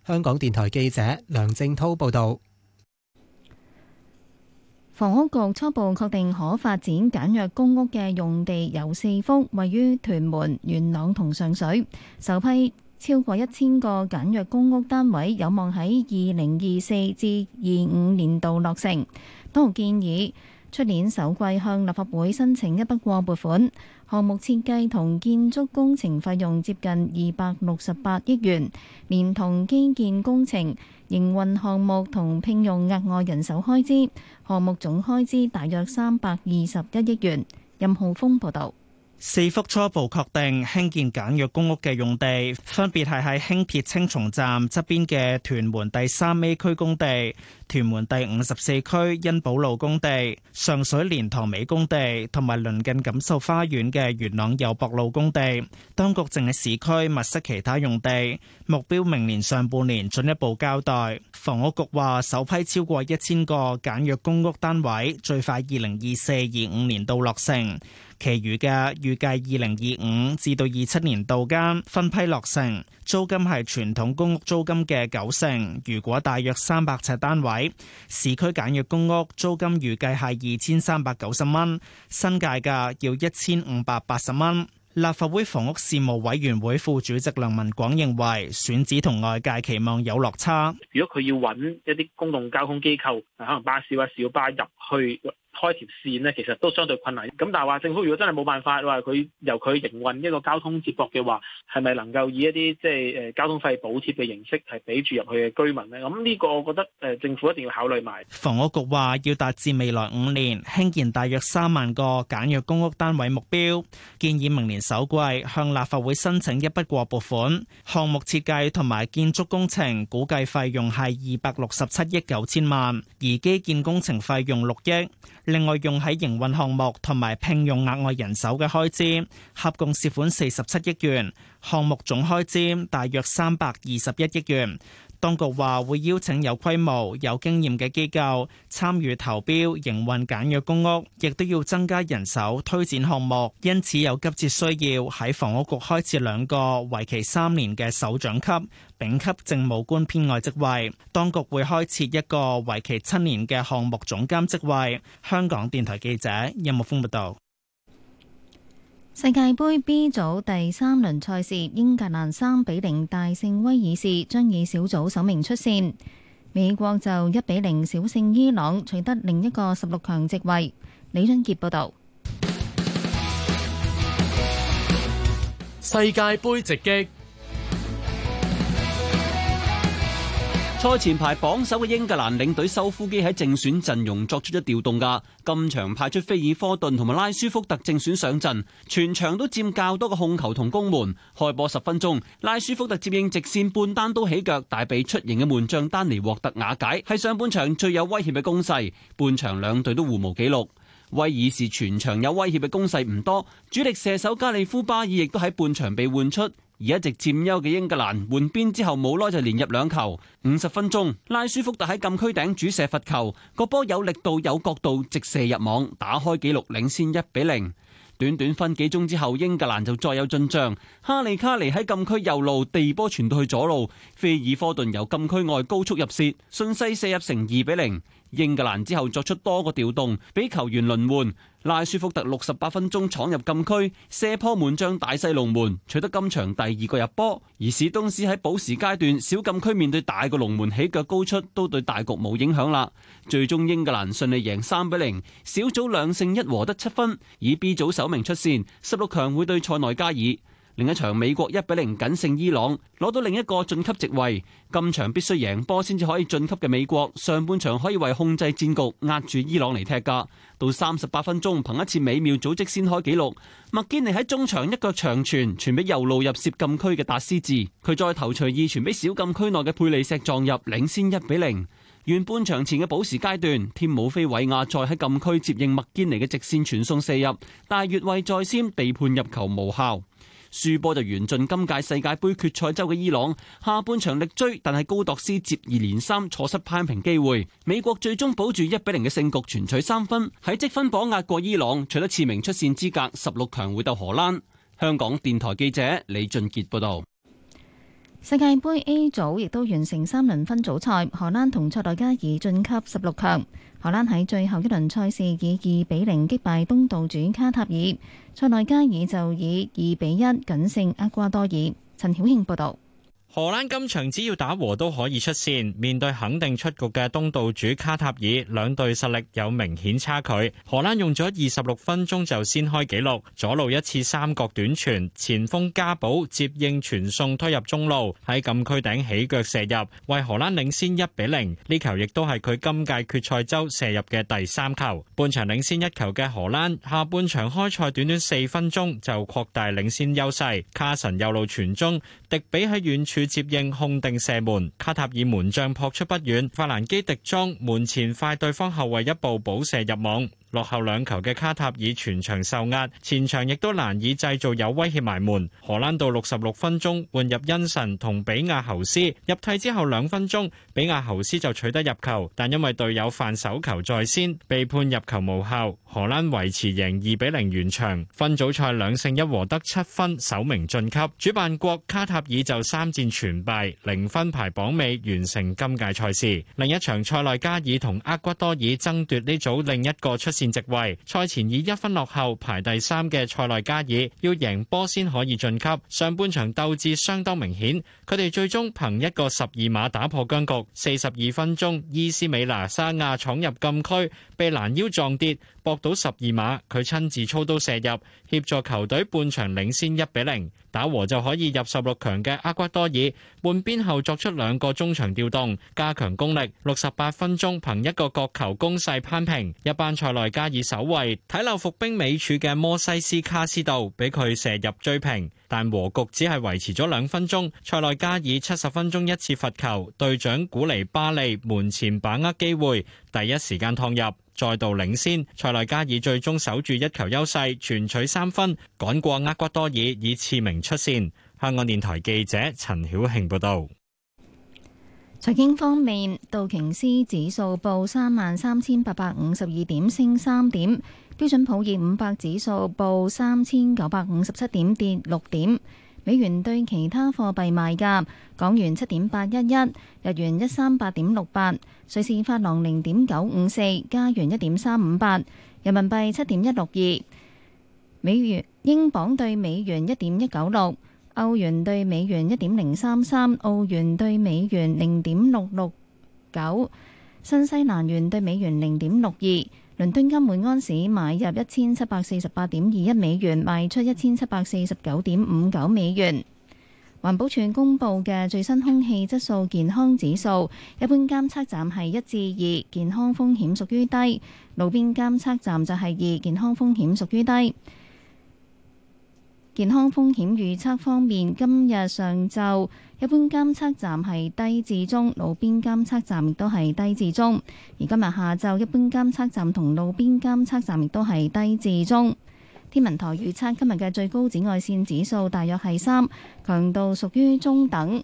S11: 香港電台記者梁正濤報道。
S10: 房屋局初步確定可發展簡約公屋嘅用地有四幅，位於屯門、元朗同上水。首批超過一千個簡約公屋單位有望喺二零二四至二五年度落成。當局建議出年首季向立法會申請一筆過撥款，項目設計同建築工程費用接近二百六十八億元，連同基建工程、營運項目同聘用額外人手開支，項目總開支大約三百二十一億元。任浩峰報導。
S15: 四幅初步確定興建簡約公屋嘅用地，分別係喺輕鐵青松站側邊嘅屯門第三 A 區工地、屯門第五十四區恩寶路工地、上水蓮塘尾工地，同埋鄰近錦繡花園嘅元朗又博路工地。當局淨係市區物色其他用地，目標明年上半年進一步交代。房屋局話，首批超過一千個簡約公屋單位最快二零二四二五年度落成。其餘嘅預計二零二五至到二七年度間分批落成，租金係傳統公屋租金嘅九成。如果大約三百尺單位，市區簡約公屋租金預計係二千三百九十蚊，新界嘅要一千五百八十蚊。立法會房屋事務委員會副主席梁文廣認為，選址同外界期望有落差。
S16: 如果佢要揾一啲公共交通機構，可能巴士或小巴入去。開條線呢，其實都相對困難。咁但係話政府如果真係冇辦法，話佢由佢營運一個交通接駁嘅話，係咪能夠以一啲即係誒交通費補貼嘅形式係俾住入去嘅居民呢？咁呢個我覺得誒政府一定要考慮埋。
S15: 房屋局話要達至未來五年興建大約三萬個簡約公屋單位目標，建議明年首季向立法會申請一筆過撥款。項目設計同埋建築工程估計費用係二百六十七億九千萬，而基建工程費用六億。另外用喺營運項目同埋聘用額外人手嘅開支，合共涉款四十七億元，項目總開支大約三百二十一億元。當局話會邀請有規模、有經驗嘅機構參與投標營運簡約公屋，亦都要增加人手推展項目。因此有急切需要喺房屋局開設兩個為期三年嘅首長級、丙級政務官編外職位。當局會開設一個為期七年嘅項目總監職位。香港電台記者任木峰報道。
S10: 世界杯 B 組第三輪賽事，英格蘭三比零大勝威爾士，將以小組首名出線。美國就一比零小勝伊朗，取得另一個十六強席位。李俊杰報道。
S9: 世界杯直擊。賽前排榜首嘅英格蘭領隊修夫基喺正選陣容作出咗調動噶，今場派出菲爾科頓同埋拉舒福特正選上陣，全場都佔較多嘅控球同攻門。開波十分鐘，拉舒福特接應直綫半單刀起腳，但被出迎嘅門將丹尼沃特瓦解，係上半場最有威脅嘅攻勢。半場兩隊都互無紀錄，威爾士全場有威脅嘅攻勢唔多，主力射手加利夫巴爾亦都喺半場被換出。而一直佔優嘅英格蘭換邊之後，冇耐就連入兩球。五十分鐘，拉舒福特喺禁區頂主射罰球，個波有力度有角度，直射入網，打開紀錄，領先一比零。短短分幾分鐘之後，英格蘭就再有進賬，哈利卡尼喺禁區右路地波傳到去左路，菲爾科頓由禁區外高速入射，順勢射入成二比零。英格蘭之後作出多個調動，俾球員輪換。拉舒福特六十八分鐘闖入禁區，射波門將大細龍門，取得今場第二個入波。而史東斯喺補時階段小禁區面對大個龍門起腳高出，都對大局冇影響啦。最終英格蘭順利贏三比零，小組兩勝一和得七分，以 B 組首名出線，十六強會對塞內加爾。另一場美國一比零僅勝伊朗，攞到另一個晉級席位。今場必須贏波先至可以晉級嘅美國，上半場可以為控制戰局壓住伊朗嚟踢。噶到三十八分鐘，憑一次美妙組織先開紀錄。麥堅尼喺中場一腳長傳傳俾右路入涉禁區嘅達斯治，佢再頭槌二傳俾小禁區內嘅佩利石撞入，領先一比零。完半場前嘅補時階段，添姆菲韋亞再喺禁區接應麥堅尼嘅直線傳送射入，但越位在先，被判入球無效。輸波就緣盡今屆世界杯決賽周嘅伊朗，下半場力追，但係高鐸斯接二連三錯失攀平機會。美國最終保住一比零嘅勝局，全取三分喺積分榜壓過伊朗，取得次名出線資格，十六強會鬥荷蘭。香港電台記者李俊傑報道。
S10: 世界杯 A 組亦都完成三輪分組賽，荷蘭同塞內加爾晉級十六強。荷蘭喺最後一輪賽事以二比零擊敗東道主卡塔爾，塞內加爾就以二比一僅勝厄瓜多爾。陳曉慶報道。
S12: 荷蘭今場只要打和都可以出線，面對肯定出局嘅東道主卡塔爾，兩隊實力有明顯差距。荷蘭用咗二十六分鐘就先開紀錄，左路一次三角短傳，前鋒加寶接應傳送推入中路，喺禁區頂起腳射入，為荷蘭領先一比零。呢球亦都係佢今屆決賽周射入嘅第三球。半場領先一球嘅荷蘭，下半場開賽短短四分鐘就擴大領先優勢，卡神右路傳中，迪比喺遠處。接應控定射門，卡塔爾門將撲出不遠，法蘭基迪莊門前快對方後衛一步補射入網。落後兩球嘅卡塔爾全場受壓，前場亦都難以製造有威脅埋門。荷蘭到六十六分鐘換入恩臣同比亞侯斯，入替之後兩分鐘，比亞侯斯就取得入球，但因為隊友犯手球在先，被判入球無效。荷蘭維持贏二比零完場，分組賽兩勝一和得七分，首名晉級。主辦國卡塔爾就三戰全敗，零分排榜尾，完成今屆賽事。另一場塞內加爾同厄瓜多爾爭奪呢組另一個出前席位，賽前以一分落後排第三嘅塞內加爾要贏波先可以晉級。上半場鬥志相當明顯，佢哋最終憑一個十二碼打破僵局。四十二分鐘，伊斯美拿沙亞闖入禁區被攔腰撞跌，搏到十二碼，佢親自操刀射入，協助球隊半場領先一比零。打和就可以入十六強嘅厄瓜多爾，換邊後作出兩個中場調動，加強攻力。六十八分鐘，憑一個角球攻勢攀平。一班塞內加爾守衛，睇漏伏兵尾處嘅摩西斯卡斯度，俾佢射入追平，但和局只係維持咗兩分鐘。塞內加爾七十分鐘一次罰球，隊長古尼巴利門前把握機會，第一時間趟入，再度領先。塞內加爾最終守住一球優勢，全取三分，趕過厄瓜多爾以次名出線。香港電台記者陳曉慶報道。
S10: 財經方面，道瓊斯指數報三萬三千八百五十二點，升三點；標準普爾五百指數報三千九百五十七點，跌六點。美元對其他貨幣賣價：港元七點八一一，日元一三八點六八，瑞士法郎零點九五四，加元一點三五八，人民幣七點一六二，美元、英鎊對美元一點一九六。歐元兌美元一點零三三，澳元兌美元零點六六九，新西蘭元兌美元零點六二，倫敦金每安士買入一千七百四十八點二一美元，賣出一千七百四十九點五九美元。環保署公布嘅最新空氣質素健康指數，一般監測站係一至二，健康風險屬於低；路邊監測站就係二，健康風險屬於低。健康風險預測方面，今日上晝一般監測站係低至中，路邊監測站亦都係低至中。而今日下晝一般監測站同路邊監測站亦都係低至中。天文台預測今日嘅最高紫外線指數大約係三，強度屬於中等。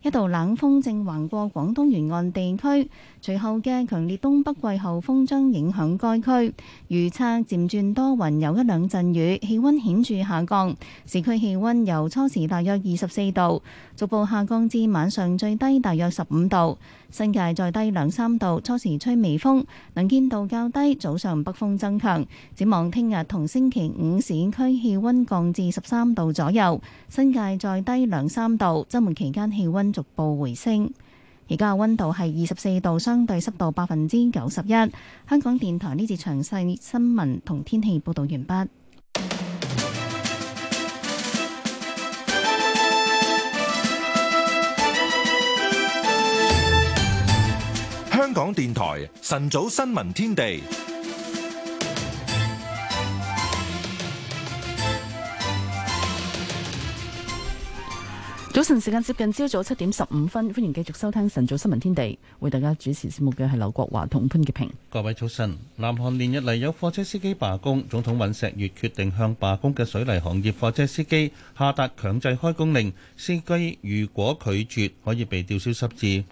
S10: 一道冷鋒正橫過廣東沿岸地區，隨後嘅強烈東北季候風將影響該區，預測漸轉多雲，有一兩陣雨，氣溫顯著下降。市區氣溫由初時大約二十四度，逐步下降至晚上最低大約十五度。新界再低兩三度，初時吹微風，能見度較低。早上北風增強，展望聽日同星期五，市區氣溫降至十三度左右。新界再低兩三度，周末期間氣溫逐步回升。而家嘅溫度係二十四度，相對濕度百分之九十一。香港電台呢節詳細新聞同天氣報道完畢。
S1: 港電台晨早新聞天地，
S3: 早晨時間接近朝早七點十五分，歡迎繼續收聽晨早新聞天地，為大家主持節目嘅係劉國華同潘潔平。
S4: 各位早晨，南韓連日嚟有貨車司機罷工，總統尹錫悅決定向罷工嘅水泥行業貨車司機下達強制開工令，司機如果拒絕，可以被吊銷執照。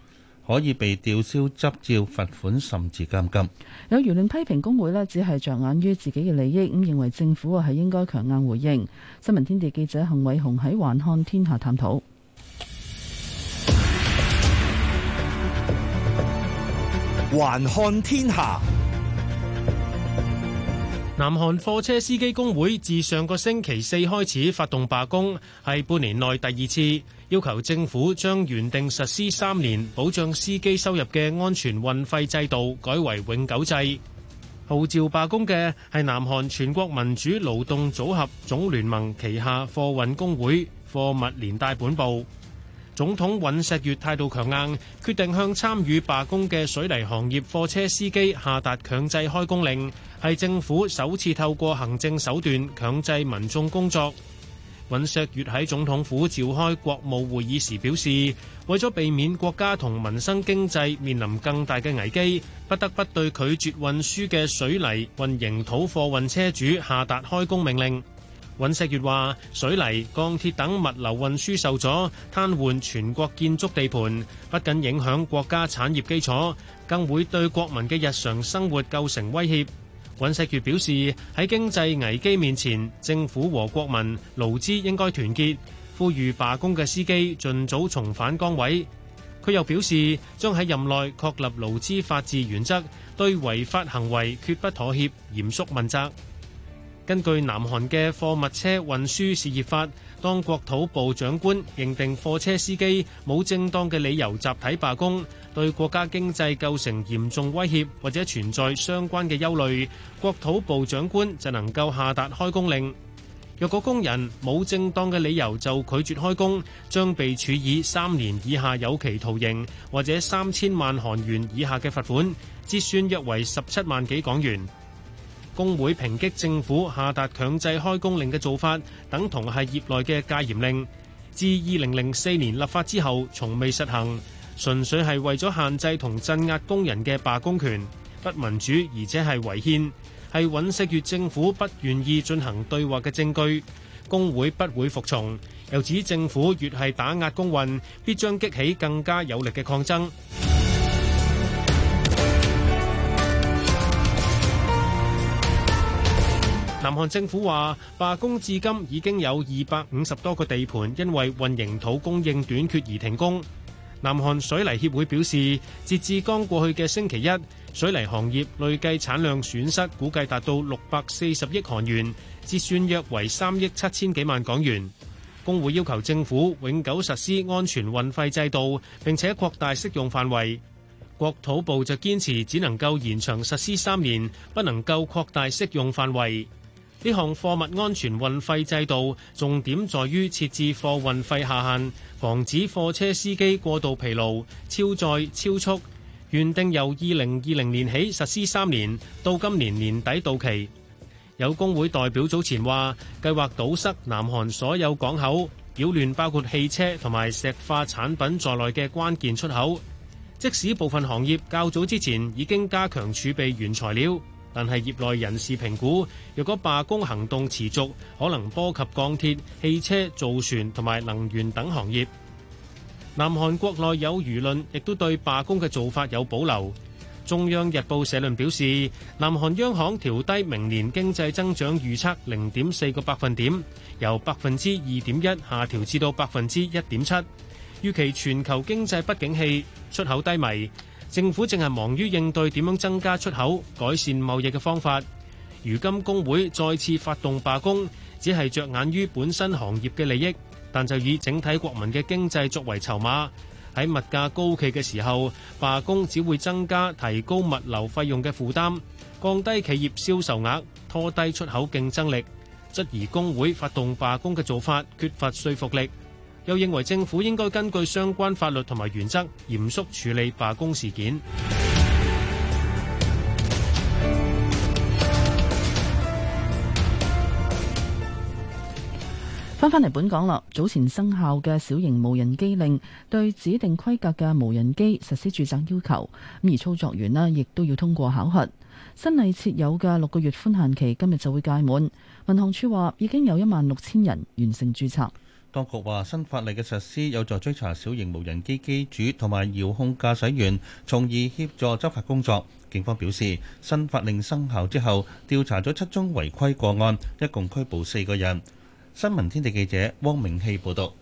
S4: 可以被吊銷執照、罰款甚至監禁。
S3: 有輿論批評工會咧，只係着眼於自己嘅利益，咁認為政府啊係應該強硬回應。新聞天地記者幸偉雄喺《橫看天下》探討
S1: 《橫看天下》。南韓貨車
S17: 司機工會自上個星期四開始發動罷工，係半年內第二次，要求政府將原定實施三年保障司機收入嘅安全運費制度改為永久制。號召罷工嘅係南韓全國民主勞動組合總聯盟旗下貨運工會，貨物連帶本部。總統尹錫悅態度強硬，決定向參與罷工嘅水泥行業貨車司機下達強制開工令，係政府首次透過行政手段強制民眾工作。尹錫悅喺總統府召開國務會議時表示，為咗避免國家同民生經濟面臨更大嘅危機，不得不對拒絕運輸嘅水泥運營土貨運車主下達開工命令。尹錫悅話：水泥、鋼鐵等物流運輸受阻，癱瘓全國建築地盤，不僅影響國家產業基礎，更會對國民嘅日常生活構成威脅。尹錫悅表示：喺經濟危機面前，政府和國民勞資應該團結，呼籲罷工嘅司機盡早重返崗位。佢又表示，將喺任內確立勞資法治原則，對違法行為決不妥協，嚴肅問責。根據南韓嘅貨物車運輸事業法，當國土部長官認定貨車司機冇正當嘅理由集體罷工，對國家經濟構成嚴重威脅或者存在相關嘅憂慮，國土部長官就能夠下達開工令。若果工人冇正當嘅理由就拒絕開工，將被處以三年以下有期徒刑或者三千萬韓元以下嘅罰款，折算約為十七萬幾港元。工會抨擊政府下達強制開工令嘅做法，等同係業內嘅戒嚴令。自二零零四年立法之後，從未實行，純粹係為咗限制同鎮壓工人嘅罷工權，不民主而且係違憲，係尹錫悅政府不願意進行對話嘅證據。工會不會服從，又指政府越係打壓工運，必將激起更加有力嘅抗爭。南韓政府話罷工至今已經有二百五十多個地盤因為運營土供應短缺而停工。南韓水泥協會表示，截至剛過去嘅星期一，水泥行業累計產量損失估計達到六百四十億韓元，折算約為三億七千幾萬港元。工會要求政府永久實施安全運費制度，並且擴大適用範圍。國土部就堅持只能夠延長實施三年，不能夠擴大適用範圍。呢項貨物安全運費制度重點在於設置貨運費下限，防止貨車司機過度疲勞、超載、超速。原定由二零二零年起實施三年，到今年年底到期。有工會代表早前話，計劃堵塞南韓所有港口，擾亂包括汽車同埋石化產品在內嘅關鍵出口。即使部分行業較早之前已經加強儲備原材料。但係業內人士評估，若果罷工行動持續，可能波及鋼鐵、汽車、造船同埋能源等行業。南韓國內有輿論亦都對罷工嘅做法有保留。中央日報社論表示，南韓央行調低明年經濟增長預測零點四個百分點，由百分之二點一下調至到百分之一點七。預期全球經濟不景氣，出口低迷。政府正係忙於應對點樣增加出口、改善貿易嘅方法。如今工會再次發動罷工，只係着眼於本身行業嘅利益，但就以整體國民嘅經濟作為籌碼。喺物價高企嘅時候，罷工只會增加提高物流費用嘅負擔，降低企業銷售額，拖低出口競爭力。質疑工會發動罷工嘅做法缺乏說服力。又認為政府應該根據相關法律同埋原則，嚴肅處理罷工事件。
S3: 翻返嚟本港咯，早前生效嘅小型無人機令，對指定規格嘅無人機實施注冊要求，咁而操作員呢，亦都要通過考核。新例設有嘅六個月寬限期，今日就會屆滿。民航處話已經有一萬六千人完成注冊。
S4: 當局話新法例嘅實施有助追查小型無人機機主同埋遙控駕駛員，從而協助執法工作。警方表示，新法令生效之後，調查咗七宗違規個案，一共拘捕四個人。新聞天地記者汪明熙報道。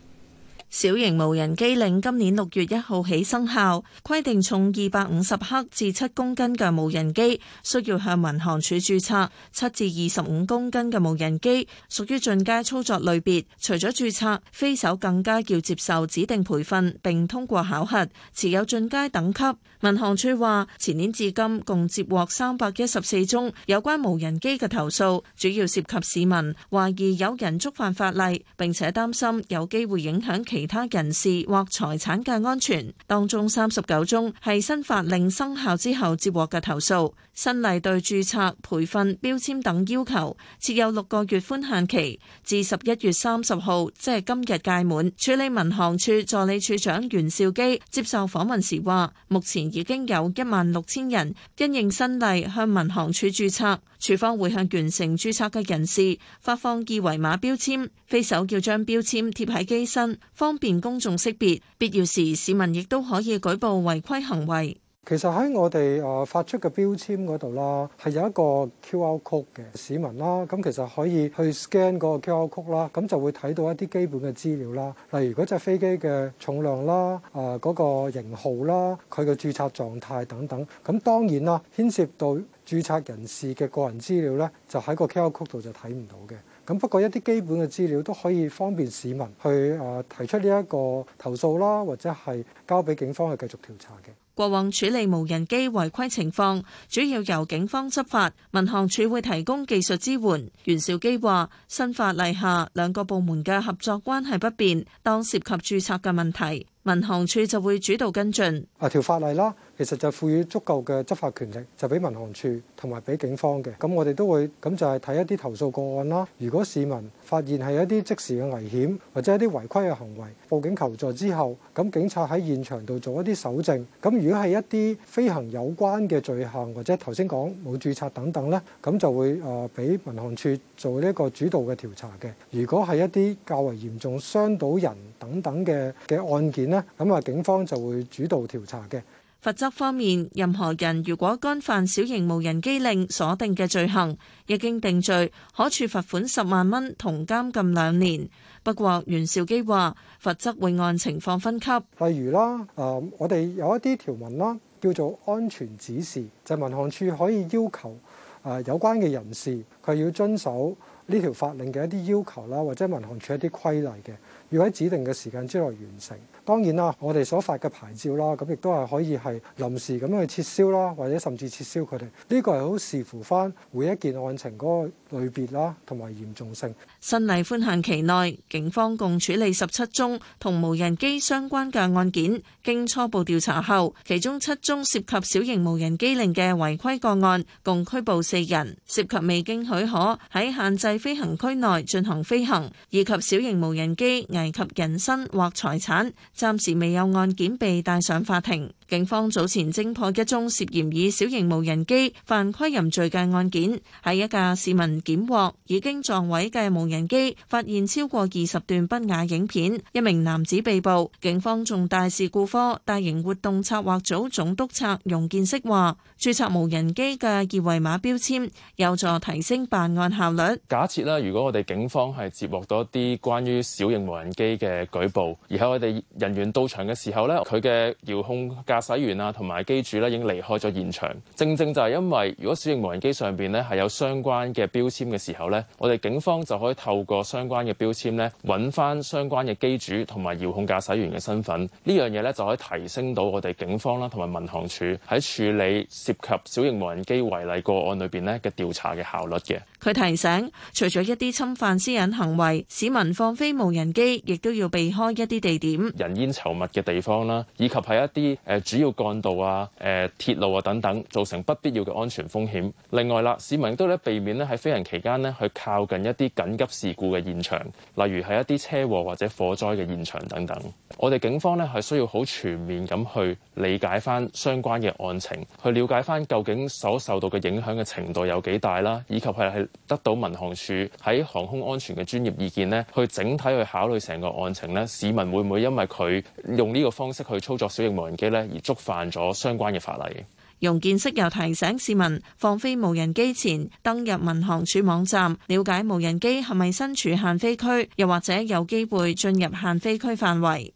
S8: 小型無人機令今年六月一號起生效，規定重二百五十克至七公斤嘅無人機需要向民航處注冊，七至二十五公斤嘅無人機屬於進階操作類別，除咗注冊飛手更加要接受指定培訓，並通過考核，持有進階等級。民航處話：前年至今共接獲三百一十四宗有關無人機嘅投訴，主要涉及市民懷疑有人觸犯法例，並且擔心有機會影響其他人士或財產嘅安全。當中三十九宗係新法令生效之後接獲嘅投訴。新例對註冊、培訓、標籤等要求設有六個月寬限期，至十一月三十號，即係今日屆滿。處理民航處助理處長袁兆基接受訪問時話：目前。已經有一萬六千人因應新例向民航處註冊，處方會向完成註冊嘅人士發放二維碼標籤，飛手要將標籤貼喺機身，方便公眾識別。必要時，市民亦都可以舉報違規行為。
S18: 其實喺我哋誒發出嘅標籤嗰度啦，係有一個 QR code 嘅市民啦。咁其實可以去 scan 嗰個 QR code 啦，咁就會睇到一啲基本嘅資料啦，例如嗰隻飛機嘅重量啦、誒嗰個型號啦、佢嘅註冊狀態等等。咁當然啦，牽涉到註冊人士嘅個人資料咧，就喺個 QR code 度就睇唔到嘅。咁不過一啲基本嘅資料都可以方便市民去誒提出呢一個投訴啦，或者係交俾警方去繼續調查嘅。
S8: 過往處理無人機違規情況，主要由警方執法，民航處會提供技術支援。袁兆基話：新法例下，兩個部門嘅合作關係不變，當涉及註冊嘅問題，民航處就會主導跟進。
S18: 啊，條法例啦。其實就賦予足夠嘅執法權力，就俾民航處同埋俾警方嘅。咁我哋都會咁就係睇一啲投訴個案啦。如果市民發現係一啲即時嘅危險，或者一啲違規嘅行為，報警求助之後，咁警察喺現場度做一啲搜證。咁如果係一啲飛行有關嘅罪行，或者頭先講冇註冊等等呢，咁就會誒俾、呃、民航處做呢個主導嘅調查嘅。如果係一啲較為嚴重傷到人等等嘅嘅案件呢，咁啊警方就會主導調查嘅。
S8: 罰則方面，任何人如果干犯小型無人機令鎖定嘅罪行，一經定罪，可處罰款十萬蚊同監禁兩年。不過袁兆基話，罰則會按情況分級，
S18: 例如啦，誒，我哋有一啲條文啦，叫做安全指示，就係民航處可以要求誒有關嘅人士佢要遵守呢條法令嘅一啲要求啦，或者民航處一啲規例嘅，要喺指定嘅時間之內完成。當然啦，我哋所發嘅牌照啦，咁亦都係可以係臨時咁樣去撤銷啦，或者甚至撤銷佢哋。呢個係好視乎返每一件案情嗰類別啦，同埋嚴重性。
S8: 新例寬限期內，警方共處理十七宗同無人機相關嘅案件。經初步調查後，其中七宗涉及小型無人機令嘅違規個案，共拘捕四人，涉及未經許可喺限制飛行區內進行飛行，以及小型無人機危及人身或財產。暫時未有案件被帶上法庭。警方早前偵破一宗涉嫌以小型無人機犯窺淫罪嘅案件，喺一架市民檢獲、已經撞毀嘅無人機，發現超過二十段不雅影片，一名男子被捕。警方重大事故科大型活動策劃組總督察容建識話，註冊無人機嘅二維碼標籤有助提升辦案效率。假
S19: 設啦，如果我哋警方係接獲到一啲關於小型無人機嘅舉報，而喺我哋人員到場嘅時候咧，佢嘅遙控。駕駛員啊，同埋機主咧已經離開咗現場，正正就係因為如果小型無人機上邊咧係有相關嘅標籤嘅時候咧，我哋警方就可以透過相關嘅標籤咧揾翻相關嘅機主同埋遙控駕駛員嘅身份。呢樣嘢咧就可以提升到我哋警方啦同埋民航處喺處理涉及小型無人機違例個案裏邊咧嘅調查嘅效率嘅。
S8: 佢提醒，除咗一啲侵犯私隱行為，市民放飛無人機亦都要避開一啲地點、
S19: 人煙稠密嘅地方啦，以及喺一啲誒。呃主要幹道啊、誒、呃、鐵路啊等等，造成不必要嘅安全風險。另外啦，市民都咧避免咧喺飛行期間咧去靠近一啲緊急事故嘅現場，例如係一啲車禍或者火災嘅現場等等。我哋警方咧係需要好全面咁去理解翻相關嘅案情，去了解翻究竟所受到嘅影響嘅程度有幾大啦，以及係係得到民航處喺航空安全嘅專業意見咧，去整體去考慮成個案情咧，市民會唔會因為佢用呢個方式去操作小型無人機咧，而觸犯咗相關嘅法例。
S8: 容建識又提醒市民放飛無人機前，登入民航處網站，了解無人機係咪身處限飛區，又或者有機會進入限飛區範圍。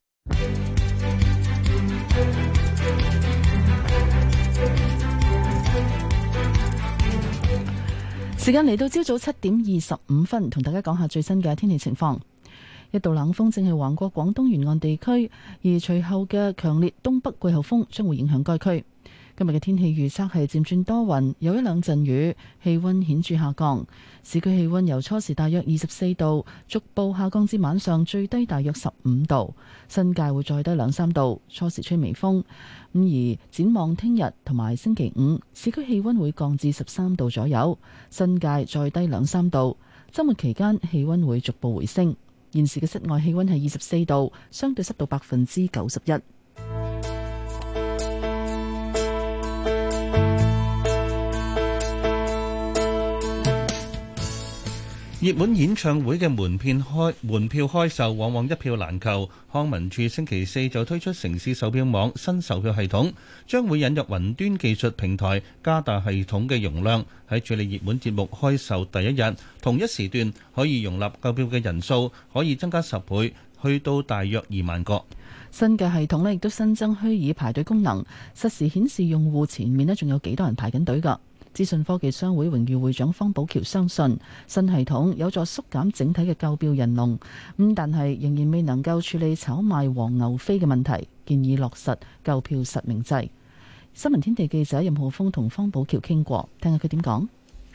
S3: 時間嚟到朝早七點二十五分，同大家講下最新嘅天氣情況。一度冷鋒正係橫過廣東沿岸地區，而隨後嘅強烈東北季候風將會影響該區。今日嘅天氣預測係漸轉多雲，有一兩陣雨，氣溫顯著下降。市區氣溫由初時大約二十四度，逐步下降至晚上最低大約十五度，新界會再低兩三度。初時吹微風，咁而展望聽日同埋星期五，市區氣溫會降至十三度左右，新界再低兩三度。週末期間氣溫會逐步回升。現時嘅室外氣溫係二十四度，相對濕度百分之九十一。
S4: 熱門演唱會嘅門票開，門票開售往往一票難求。康文署星期四就推出城市售票網新售票系統，將會引入雲端技術平台，加大系統嘅容量，喺處理熱門節目開售第一日同一時段可以容納購票嘅人數可以增加十倍，去到大約二萬個。
S3: 新嘅系統呢亦都新增虛擬排隊功能，實時顯示用戶前面呢仲有幾多人排緊隊㗎。資訊科技商會榮譽會長方寶橋相信新系統有助縮減整體嘅購票人龍，咁但係仍然未能夠處理炒賣黃牛飛嘅問題，建議落實購票實名制。新聞天地記者任浩峰同方寶橋傾過，聽下佢點講。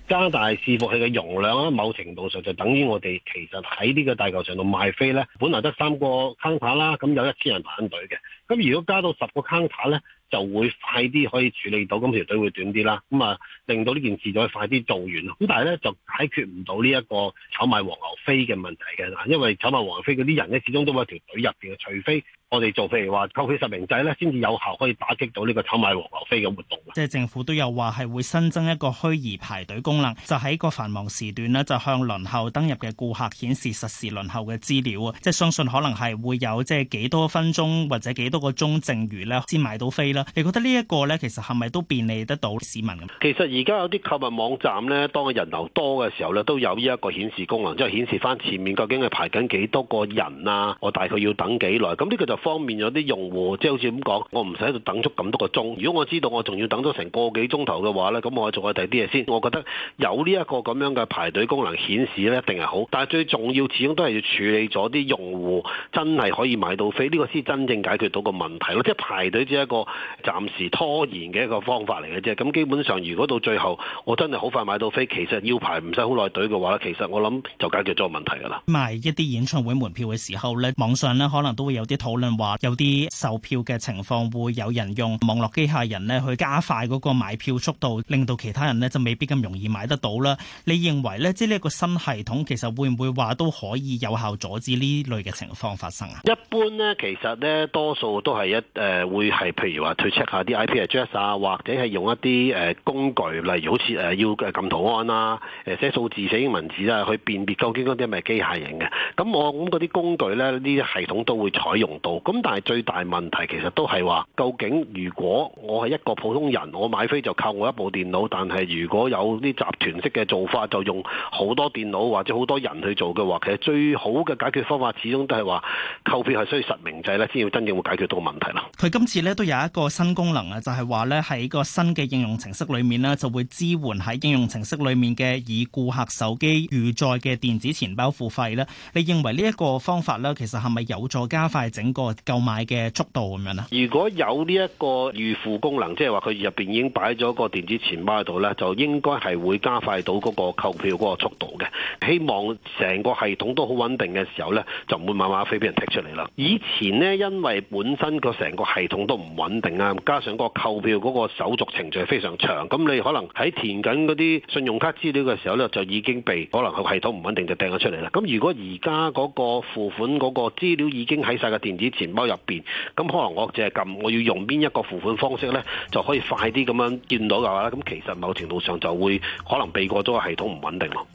S20: 加大伺服器嘅容量啊，某程度上就等於我哋其實喺呢個大球場度賣飛咧，本來得三個坑 o 啦，咁有一千人排隊嘅，咁如果加到十個坑 o 呢？就會快啲可以處理到，咁條隊會短啲啦。咁啊，令到呢件事再快啲做完。咁但係咧，就解決唔到呢一個炒賣黃牛飛嘅問題嘅。因為炒賣黃牛飛嗰啲人咧，始終都喺條隊入邊嘅。除非我哋做譬如話購票實名制咧，先至有效可以打擊到呢個炒賣黃牛飛嘅活動。
S15: 即係政府都有話係會新增一個虛擬排隊功能，就喺個繁忙時段咧，就向輪候登入嘅顧客顯示實時輪候嘅資料啊。即係相信可能係會有即係幾多分鐘或者幾多個鐘剩餘咧，先買到飛啦。你覺得呢一個呢，其實係咪都便利得到市民？
S20: 其實而家有啲購物網站呢，當佢人流多嘅時候呢，都有呢一個顯示功能，即係顯示翻前面究竟係排緊幾多個人啊，我大概要等幾耐？咁呢個就方便咗啲用戶，即係好似咁講，我唔使喺度等足咁多個鐘。如果我知道我仲要等咗成個幾鐘頭嘅話呢，咁我做下第啲嘢先。我覺得有呢一個咁樣嘅排隊功能顯示呢，一定係好。但係最重要，始終都係要處理咗啲用戶真係可以買到飛呢個，先真正解決到個問題咯。即係排隊只係一個。暫時拖延嘅一個方法嚟嘅啫，咁基本上如果到最後我真係好快買到飛，其實要排唔使好耐隊嘅話，其實我諗就解決咗個問題㗎啦。
S15: 賣一啲演唱會門票嘅時候咧，網上呢可能都會有啲討論話，有啲售票嘅情況會有人用網絡機械人呢去加快嗰個買票速度，令到其他人呢就未必咁容易買得到啦。你認為呢？即係呢一個新系統其實會唔會話都可以有效阻止呢類嘅情況發生啊？
S20: 一般呢，其實呢多數都係一誒、呃、會係譬如話。去 check 下啲 IP address 啊，或者係用一啲誒工具，例如好似誒要撳圖案啊，誒寫數字寫英文字啊，去辨別究竟嗰啲係咪機械型嘅。咁我咁嗰啲工具咧，呢啲系統都會採用到。咁但係最大問題其實都係話，究竟如果我係一個普通人，我買飛就靠我一部電腦，但係如果有啲集團式嘅做法，就用好多電腦或者好多人去做嘅話，其實最好嘅解決方法始終都係話，購票係需要實名制咧，先要真正會解決到問題咯。
S15: 佢今次咧都有一個，個新功能啊，就係話咧喺個新嘅應用程式裏面呢，就會支援喺應用程式裏面嘅以顧客手機預載嘅電子錢包付費咧。你認為呢一個方法呢，其實係咪有助加快整個購買嘅速度咁樣啊？
S20: 如果有呢一個預付功能，即係話佢入邊已經擺咗個電子錢包喺度呢，就應該係會加快到嗰個購票嗰個速度嘅。希望成個系統都好穩定嘅時候呢，就唔會馬馬飛俾人踢出嚟啦。以前呢，因為本身個成個系統都唔穩定。加上個購票嗰個手續程序非常長，咁你可能喺填緊嗰啲信用卡資料嘅時候呢，就已經被可能個系統唔穩定就掟咗出嚟啦。咁如果而家嗰個付款嗰個資料已經喺晒個電子錢包入邊，咁可能我淨係撳我要用邊一個付款方式呢，就可以快啲咁樣見到嘅話咧，咁其實某程度上就會可能避過咗個系統唔穩定咯。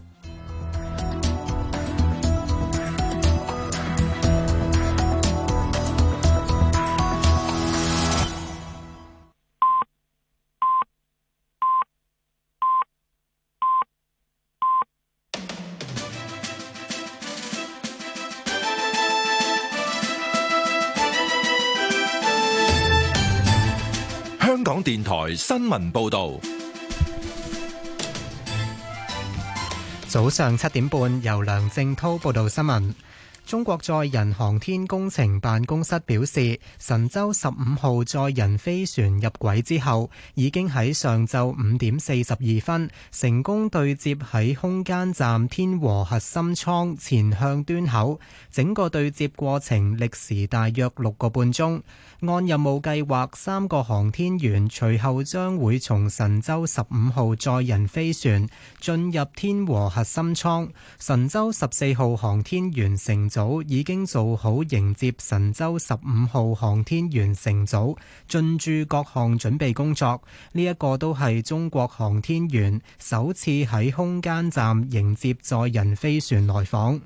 S11: 香港電
S1: 台新聞報道，
S11: 早上七點半，由梁正濤報道新聞。中國載人航天工程辦公室表示，神舟十五號載人飛船入軌之後，已經喺上晝五點四十二分成功對接喺空間站天和核心艙前向端口，整個對接過程歷時大約六個半鐘。按任務計劃，三個航天員隨後將會從神舟十五號載人飛船進入天和核心艙。神舟十四號航天員乘組已經做好迎接神舟十五號航天員乘組進駐各項準備工作。呢一個都係中國航天員首次喺空間站迎接載人飛船來訪。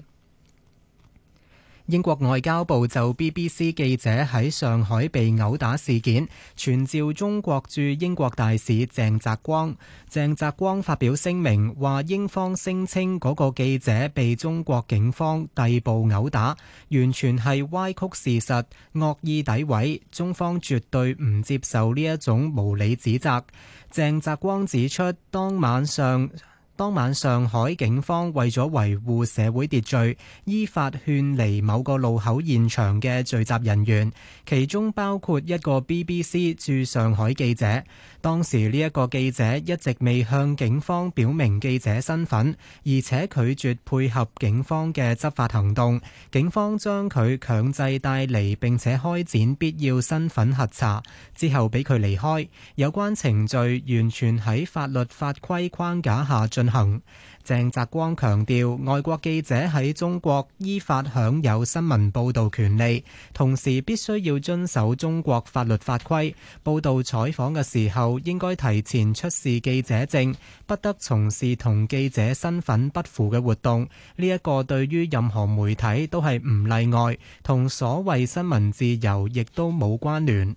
S11: 英國外交部就 BBC 記者喺上海被毆打事件，傳召中國駐英國大使鄭澤光。鄭澤光發表聲明話，英方聲稱嗰個記者被中國警方逮捕毆打，完全係歪曲事實、惡意詆毀，中方絕對唔接受呢一種無理指責。鄭澤光指出，當晚上。當晚上海警方為咗維護社會秩序，依法勸離某個路口現場嘅聚集人員，其中包括一個 BBC 駐上海記者。當時呢一個記者一直未向警方表明記者身份，而且拒絕配合警方嘅執法行動。警方將佢強制帶離，並且開展必要身份核查之後，俾佢離開。有關程序完全喺法律法規框架下進。鄭澤光強調，外國記者喺中國依法享有新聞報道權利，同時必須要遵守中國法律法規。報道採訪嘅時候，應該提前出示記者證，不得從事同記者身份不符嘅活動。呢一個對於任何媒體都係唔例外，同所謂新聞自由亦都冇關聯。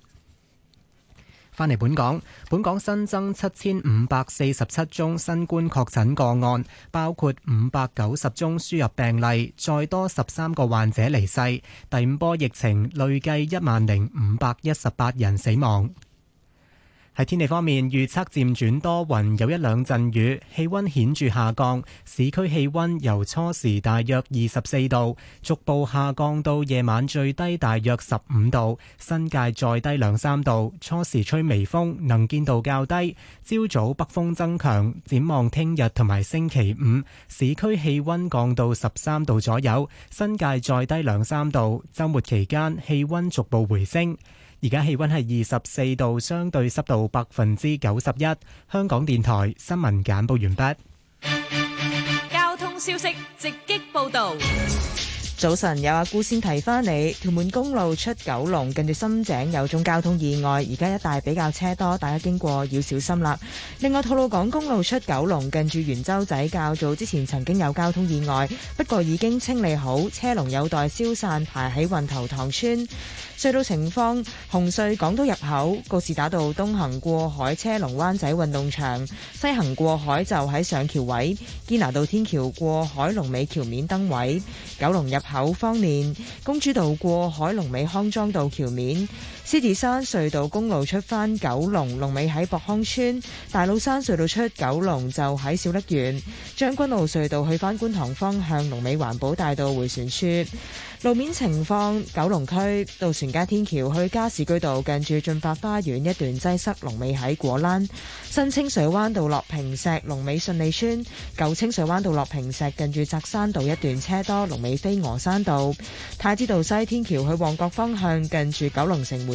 S11: 返嚟本港，本港新增七千五百四十七宗新冠確診個案，包括五百九十宗輸入病例，再多十三個患者離世。第五波疫情累計一萬零五百一十八人死亡。喺天氣方面，預測漸轉多雲，有一兩陣雨，氣溫顯著下降。市區氣溫由初時大約二十四度，逐步下降到夜晚最低大約十五度，新界再低兩三度。初時吹微風，能見度較低。朝早北風增強，展望聽日同埋星期五，市區氣溫降到十三度左右，新界再低兩三度。周末期間氣溫逐步回升。而家氣溫係二十四度，相對濕度百分之九十一。
S13: 香港電台新聞簡報完畢。
S8: 交通消息直擊報道。
S13: 早晨，有阿姑先提返你，屯門公路出九龍近住深井有宗交通意外，而家一帶比較車多，大家經過要小心啦。另外，吐露港公路出九龍近住元洲仔較早之前曾經有交通意外，不過已經清理好，車龍有待消散，排喺運頭塘村。隧道情況：紅隧，港島入口，告士打道東行過海車龍灣仔運動場，西行過海就喺上橋位堅拿道天橋，過海龍尾橋面燈位；九龍入口方面，公主道過海龍尾康莊道橋面。獅子山隧道公路出返九龍，龍尾喺博康村；大老山隧道出九龍就喺小瀝源；將軍澳隧道去返觀塘方向，龍尾環保大道回旋處。路面情況：九龍區渡船街天橋去加士居道近住駿發花園一段擠塞，龍尾喺果欄；新清水灣道落坪石龍尾順利村；舊清水灣道落坪石近住澤山道一段車多，龍尾飛鵝山道；太子道西天橋去旺角方向近住九龍城回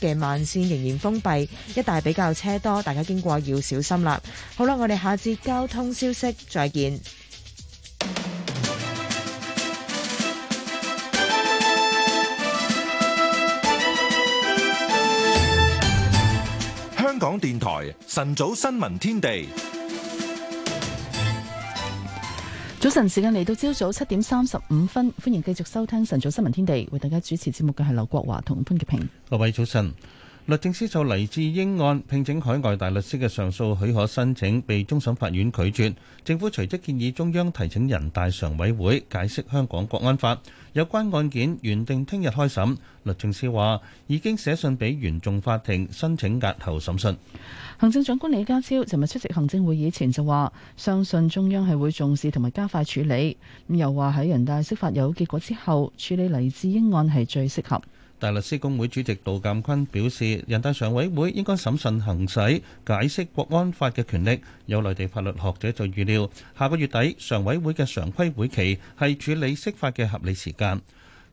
S13: 嘅慢線仍然封閉，一帶比較車多，大家經過要小心啦。好啦，我哋下節交通消息再見。
S1: 香港電台晨早新聞天地。
S3: 早晨時間嚟到朝早七點三十五分，歡迎繼續收聽晨早新聞天地，為大家主持節目嘅係劉國華同潘潔平。各
S4: 位早晨。律政司就黎智英案聘請海外大律師嘅上訴許可申請被終審法院拒絕，政府隨即建議中央提請人大常委會解釋香港國安法。有關案件原定聽日開審，律政司話已經寫信俾原訟法庭申請押後審訊。
S3: 行政長官李家超尋日出席行政會議前就話，相信中央係會重視同埋加快處理，又話喺人大釋法有結果之後處理黎智英案係最適合。
S4: 大律師公會主席杜鑑坤表示，人大常委會應該審慎行使解釋國安法嘅權力。有內地法律學者就預料，下個月底常委會嘅常規會期係處理釋法嘅合理時間。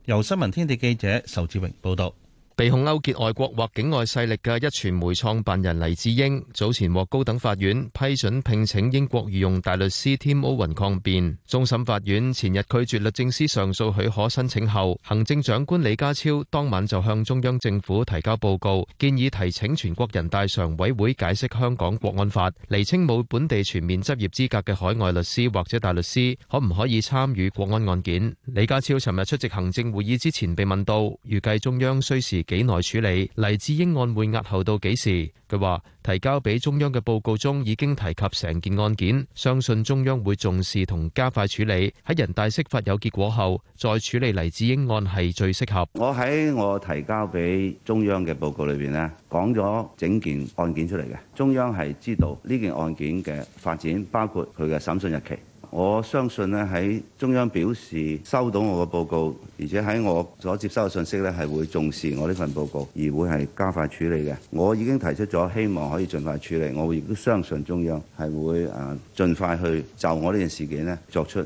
S4: 由新聞天地記者仇志榮報道。被控勾
S21: 結外國或境外勢力嘅壹傳媒創辦人黎智英，早前獲高等法院批准聘請英國御用大律師 Tim Owen 抗辯。終審法院前日拒絕律政司上訴許可申請後，行政長官李家超當晚就向中央政府提交報告，建議提請全國人大常委會解釋香港國安法，釐清冇本地全面執業資格嘅海外律師或者大律師可唔可以參與國安案件。李家超尋日出席行政會議之前被問到，預計中央需時。幾耐處理黎智英案會押後到幾時？佢話提交俾中央嘅報告中已經提及成件案件，相信中央會重視同加快處理。喺人大釋法有結果
S4: 後再處理黎智英案係最適合。我喺我提交俾中央嘅報告裏邊呢，講咗整件案件出嚟嘅，中央係知道呢件案件嘅發展，包括佢嘅審訊日期。我相信呢，喺中央表示收到我嘅報告，而且喺我所接收嘅信息呢，係會重視我呢份報告，而會係加快處理嘅。我已經提出咗，希望可以盡快處理。我亦都相信中央係會誒盡快去就我呢件事件呢作出誒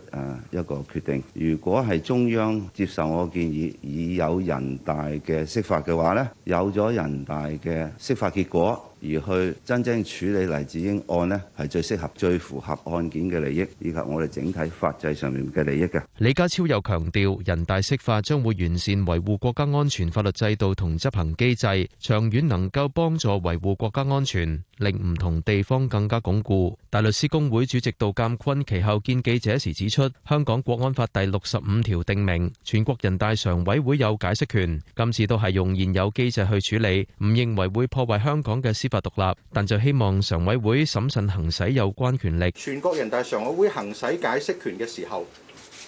S4: 一個決定。如果係中央接受我嘅建議，已有人大嘅釋法嘅話，呢有咗人大嘅釋法結果。而去真正處理黎智英案咧，係最適合、最符合案件嘅利益，以及我哋整體法制上面嘅利益嘅。李家超
S21: 又強調，人大釋法將會完善維護國家安全法律制度同執行機制，長遠能夠幫助維護國家安全，令唔同地方更加鞏固。大律師公會主席杜淦堃其後見記者時指出，香港國安法第六十五條定明，全國人大常委會有解釋權，今次都係用現有機制去處理，唔認為會破壞香港嘅涉法獨立，但就希望常委會審慎行使有關權力。
S12: 全國人大常委會行使解釋權嘅時候，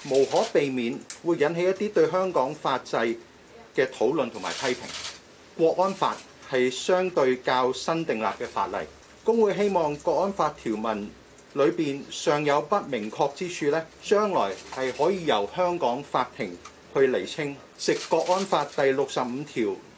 S12: 無可避免會引起一啲對香港法制嘅討論同埋批評。國安法係相對較新定立嘅法例，公會希望國安法條文裏邊尚有不明確之處呢，將來係可以由香港法庭去釐清。食國安法第六十五條。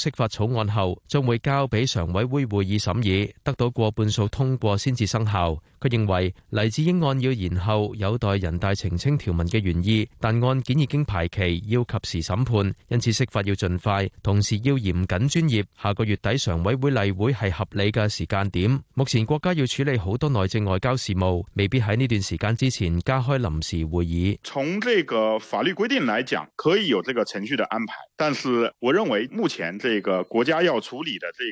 S21: 釋法草案後，將會交畀常委會會議審議，得到過半數通過先至生效。佢認為黎智英案要延後，有待人大澄清條文嘅原意，但案件已經排期，要及時審判，因此釋法要盡快，同時要嚴謹專業。下個月底常委會例會係合理嘅時間點。目前國家要處理好多內政外交事務，未必喺呢段時間之前加開臨時會議。
S22: 從這個法律規定來講，可以有這個程序的安排，但是我認為目前這個國家要處理的這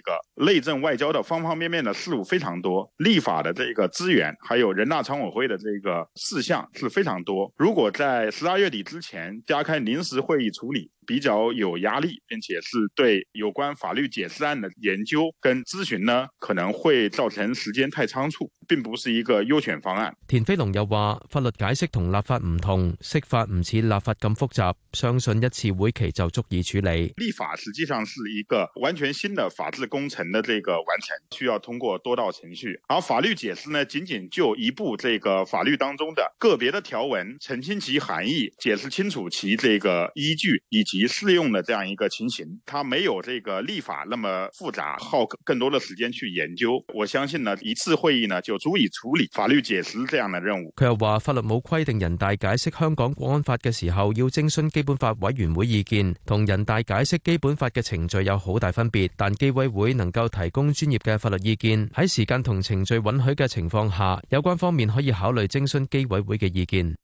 S22: 個內政外交的方方面面的事務非常多，立法的這個資源。還有人大常委會的這個事項是非常多，如果在十二月底之前加開臨時會議處理，比較有壓力，並且是對有關法律解釋案的研究跟咨詢呢，可能會造成時間太倉促，並不是一個優選方案。
S21: 田飛龍又話，法律解釋同立法唔同，釋法唔似立法咁複雜，相信一次會期就足以處理。
S22: 立法實際上是一個完全新的法治工程的這個完成，需要通過多道程序。而法律解釋呢，僅僅就一部這個法律當中的個別的條文，澄清其含義，解釋清楚其這個依據以及。以適用的這樣一個情形，它沒有這個立法那麼複雜，耗更多的時間去研究。我相信呢，一次會議呢就足以處理法律解釋這樣的任務。
S21: 佢又話，法律冇規定人大解釋香港國安法嘅時候要徵詢基本法委員會意見，同人大解釋基本法嘅程序有好大分別。但基委會能夠提供專業嘅法律意見，喺時間同程序允許嘅情況下，有關方面可以考慮徵詢基委會嘅意見。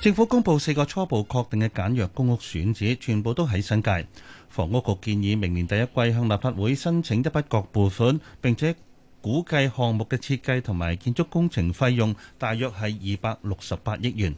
S4: 政府公布四個初步確定嘅簡約公屋選址，全部都喺新界。房屋局建議明年第一季向立法會申請一筆撥款，並且估計項目嘅設計同埋建築工程費用大約係二百六十八億元。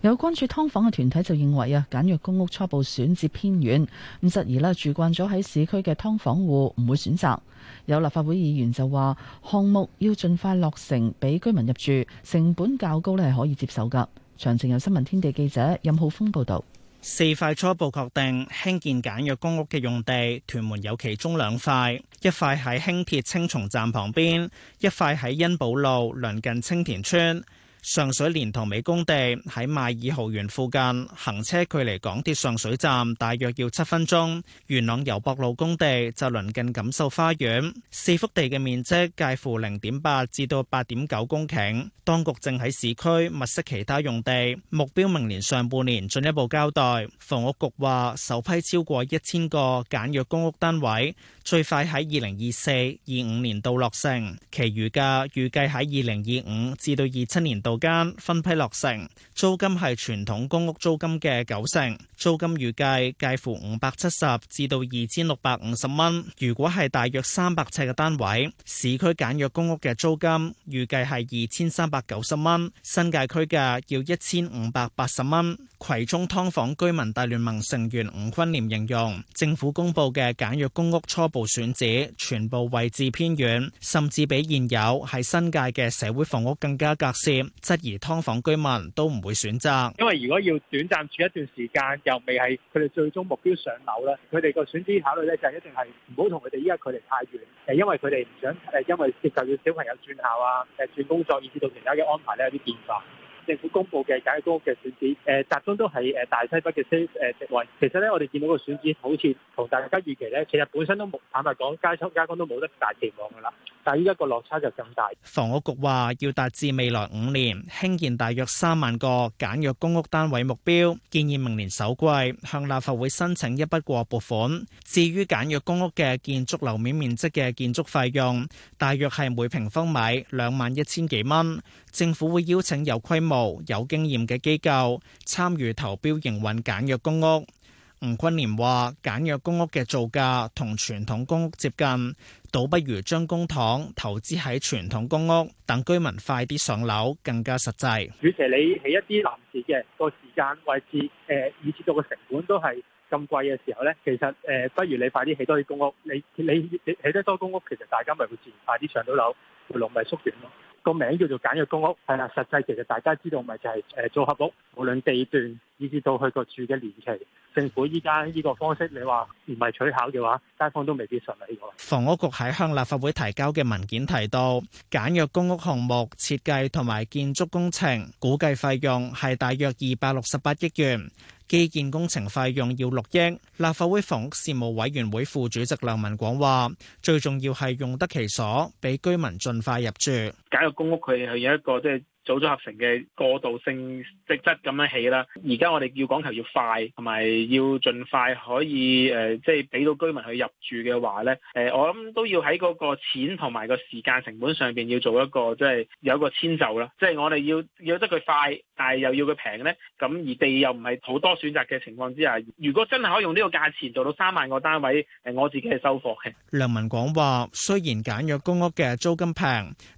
S3: 有關注㓥房嘅團體就認為啊，簡約公屋初步選址偏遠，唔適宜啦，住慣咗喺市區嘅劏房戶唔會選擇。有立法會議員就話，項目要盡快落成俾居民入住，成本較高咧，係可以接受噶。詳情有新聞天地記者任浩峰報道，
S15: 四塊初步確定興建簡約公屋嘅用地，屯門有其中兩塊，一塊喺輕鐵青松站旁邊，一塊喺恩寶路鄰近青田村。上水蓮塘尾工地喺邁爾豪園附近，行車距離港鐵上水站大約要七分鐘。元朗攸壆路工地就鄰近錦繡花園，四幅地嘅面積介乎零點八至到八點九公頃。當局正喺市區物色其他用地，目標明年上半年進一步交代。房屋局話首批超過一千個簡約公屋單位。最快喺二零二四、二五年度落成，其餘嘅預計喺二零二五至到二七年度間分批落成。租金係傳統公屋租金嘅九成，租金預計介，介乎五百七十至到二千六百五十蚊。如果係大約三百尺嘅單位，市區簡約公屋嘅租金預計係二千三百九十蚊，新界區嘅要一千五百八十蚊。葵涌劏房居民大聯盟成員吳坤廉形容，政府公布嘅簡約公屋初部選址全部位置偏遠，甚至比現有係新界嘅社會房屋更加隔涉。質疑劏房居民都唔會選擇。
S14: 因為如果要短暫住一段時間，又未係佢哋最終目標上樓咧，佢哋個選址考慮咧就一定係唔好同佢哋依家距離太遠，係因為佢哋唔想誒，因為涉及到小朋友轉校啊、誒轉工作，以至到其他嘅安排咧有啲變化。政府公布嘅簡約公屋嘅選址，誒集中都係誒大西北嘅些誒席位。其實咧，我哋見到個選址好似同大家預期咧，其實本身都冇坦白講，街坊街坊都冇
S16: 得大期望噶啦。但係依家個落差就咁大。
S15: 房屋局話要達至未來五年興建大約三萬個簡約公屋單位目標，建議明年首季向立法會申請一筆過撥款。至於簡約公屋嘅建築樓面面積嘅建築費用，大約係每平方米兩萬一千幾蚊。政府會邀請有規模、有經驗嘅機構參與投標營運簡約公屋。吳坤蓮話：簡約公屋嘅造價同傳統公屋接近，倒不如將公帑投資喺傳統公屋，等居民快啲上樓，更加實際。
S14: 主席，你起一啲臨時嘅個時間、位、呃、至誒、以至到嘅成本都係咁貴嘅時候呢？其實誒、呃，不如你快啲起多啲公屋。你你你起得多公屋，其實大家咪會自然快啲上到樓，回流咪縮短咯。個名叫做簡約公屋，係喇，實際其實大家知道咪就係誒組合屋，無論地段，以至到佢個住嘅年期，政府依家呢個方式，你話唔係取巧嘅話，街坊都未必順利
S15: 嘅。房屋局喺向立法會提交嘅文件提到，簡約公屋項目設計同埋建築工程估計費用係大約二百六十八億元，基建工程費用要六億。立法會房屋事務委員會副主席梁文廣話，最重要係用得其所，俾居民盡快入住。
S16: 簡約公屋佢係有一個即係。組組合成嘅過渡性質質咁樣起啦，而家我哋要講求要快，同埋要盡快可以誒、呃，即係俾到居民去入住嘅話咧，誒、呃、我諗都要喺嗰個錢同埋個時間成本上邊要做一個即係有一個遷就啦，即係我哋要要得佢快，但係又要佢平咧，咁而地又唔係好多選擇嘅情況之下，如果真係可以用呢個價錢做到三萬個單位，誒我自己係收貨嘅。
S15: 梁文廣話：雖然簡約公屋嘅租金平，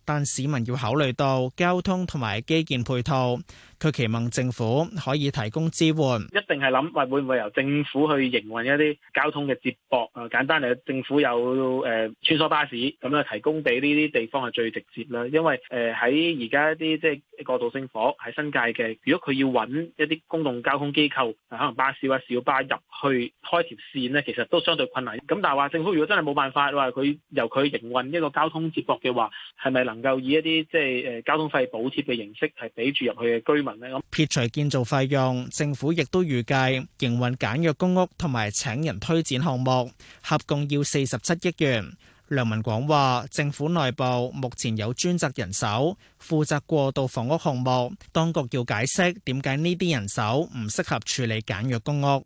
S15: 但市民要考慮到交通同埋基建配套。佢期望政府可以提供支援，
S16: 一定係諗，喂，會唔會由政府去營運一啲交通嘅接駁啊？簡單嚟，政府有誒、呃、穿梭巴士咁樣提供俾呢啲地方係最直接啦。因為誒喺而家啲即係過渡性火，喺新界嘅，如果佢要搵一啲公共交通機構，啊、可能巴士或小巴入去開條線咧，其實都相對困難。咁但係話政府如果真係冇辦法，話佢由佢營運一個交通接駁嘅話，係咪能夠以一啲即係誒交通費補貼嘅形式係俾住入去嘅居
S15: 撇除建造費用，政府亦都預計營運簡約公屋同埋請人推展項目，合共要四十七億元。梁文廣話：政府內部目前有專責人手負責過渡房屋項目，當局要解釋點解呢啲人手唔適合處理簡約公屋。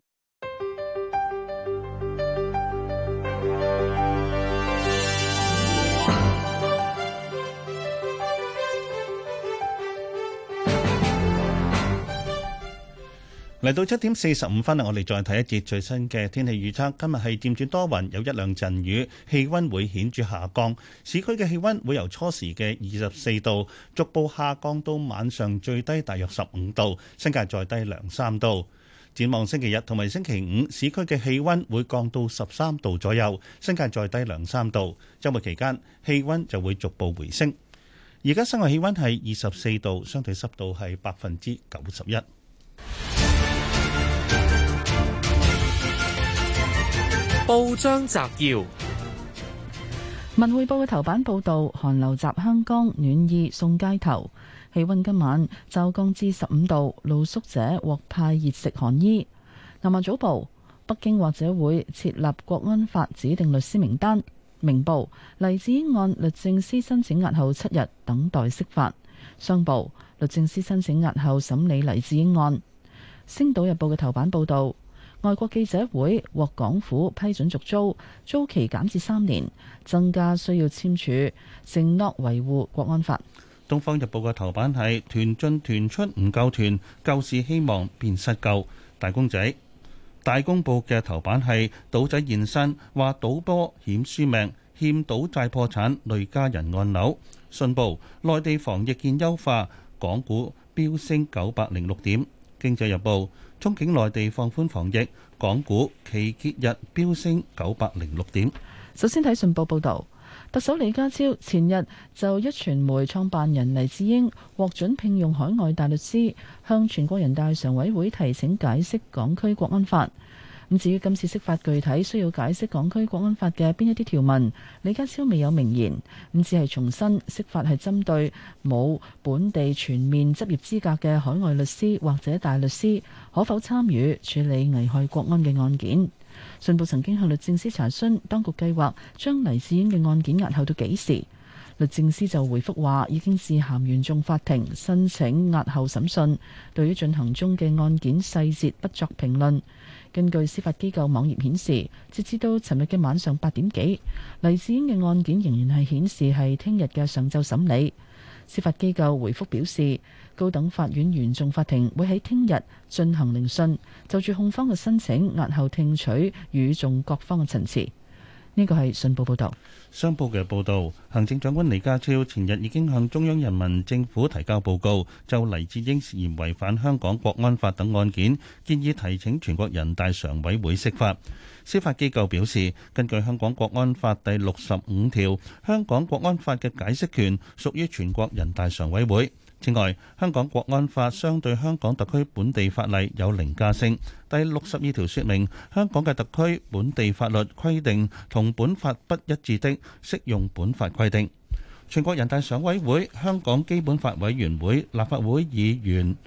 S4: 嚟到七點四十五分啦，我哋再睇一節最新嘅天氣預測。今日係漸轉多雲，有一兩陣雨，氣温會顯著下降。市區嘅氣温會由初時嘅二十四度逐步下降到晚上最低，大約十五度，新界再低兩三度。展望星期日同埋星期五，市區嘅氣温會降到十三度左右，新界再低兩三度。週末期間氣温就會逐步回升。而家室外氣温係二十四度，相對濕度係百分之九十一。報章摘要：
S3: 文匯報嘅頭版報道，寒流襲香江，暖意送街頭，氣溫今晚驟降至十五度，露宿者獲派熱食、寒衣。南華早報：北京或者會設立國安法指定律師名單。明報：黎智英案律政司申請押後七日，等待釋法。商報：律政司申請押後審理黎智英案。星島日報嘅頭版報道。外國記者會獲港府批准續租，租期減至三年，增加需要簽署承諾維護國安法。
S4: 《東方日報》嘅頭版係：團進團出唔夠團，救市希望變失救。大公仔、大公報嘅頭版係：賭仔現身話賭波險輸命，欠賭債破產累家人按樓。信報：內地防疫見優化，港股飆升九百零六點。經濟日報。憧憬內地放寬防疫，港股期結日飆升九百零六點。
S3: 首先睇信報報道，特首李家超前日就壹傳媒創辦人黎智英獲准聘用海外大律師，向全國人大常委會提請解釋港區國安法。至於今次釋法具體需要解釋港區國安法嘅邊一啲條文，李家超未有明言，咁只係重申釋法係針對冇本地全面執業資格嘅海外律師或者大律師可否參與處理危害國安嘅案件。信報曾經向律政司查詢，當局計劃將黎智英嘅案件押後到幾時，律政司就回覆話，已經致函原訟法庭申請押後審訊，對於進行中嘅案件細節不作評論。根據司法機構網頁顯示，截至到尋日嘅晚上八點幾，黎智英嘅案件仍然係顯示係聽日嘅上晝審理。司法機構回覆表示，高等法院原訟法庭會喺聽日進行聆訊，就住控方嘅申請押後聽取與訟各方嘅陳詞。呢個係信報報導。商報
S4: 嘅報導，行政長官李家超前日已經向中央人民政府提交報告，就黎智英涉嫌違反香港國安法等案件，建議提請全國人大常委會釋法。司法機構表示，根據香港國安法第六十五條，香港國安法嘅解釋權屬於全國人大常委會。此外，香港國安法相對香港特區本地法例有凌駕性。第六十二條說明，香港嘅特區本地法律規定同本法不一致的，適用本法規定。全國人大常委會、香港基本法委員會、立法會議員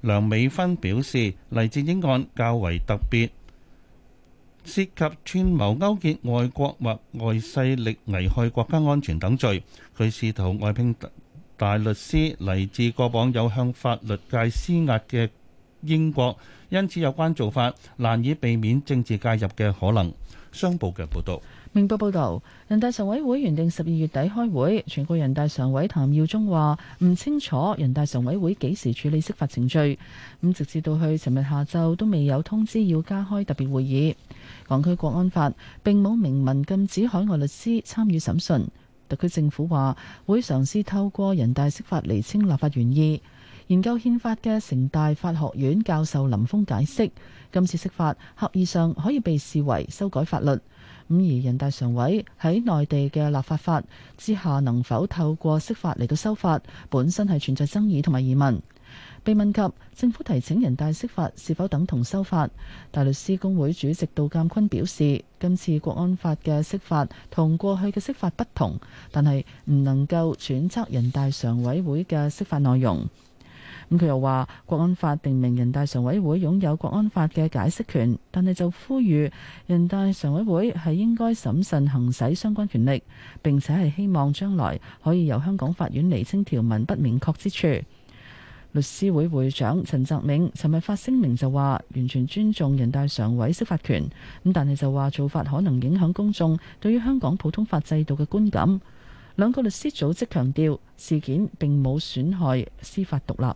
S4: 梁美芬表示，黎智英案較為特別，涉及串謀勾結外國或外勢力危害國家安全等罪，佢試圖外聘。大律師嚟自過往有向法律界施壓嘅英國，因此有關做法難以避免政治介入嘅可能。商報嘅報道，
S3: 明報報道，人大常委會原定十二月底開會，全國人大常委譚耀宗話唔清楚人大常委會幾時處理釋法程序，咁直至到去尋日下晝都未有通知要加開特別會議。港區國安法並冇明文禁止海外律師參與審訊。特區政府話會嘗試透過人大釋法釐清立法原意。研究憲法嘅城大法學院教授林峰解釋，今次釋法刻意上可以被視為修改法律。咁而人大常委喺內地嘅立法法之下能否透過釋法嚟到修法，本身係存在爭議同埋疑問。被問及政府提請人大釋法是否等同修法，大律師公會主席杜鑑坤表示，今次國安法嘅釋法同過去嘅釋法不同，但係唔能夠揣測人大常委會嘅釋法內容。咁、嗯、佢又話，國安法定明人大常委會擁有國安法嘅解釋權，但係就呼籲人大常委會係應該審慎行使相關權力，並且係希望將來可以由香港法院釐清條文不明確之處。律師會會長陳澤銘尋日發聲明就話，完全尊重人大常委釋法權，咁但係就話做法可能影響公眾對於香港普通法制度嘅觀感。兩個律師組織強調事件並冇損害司法獨立。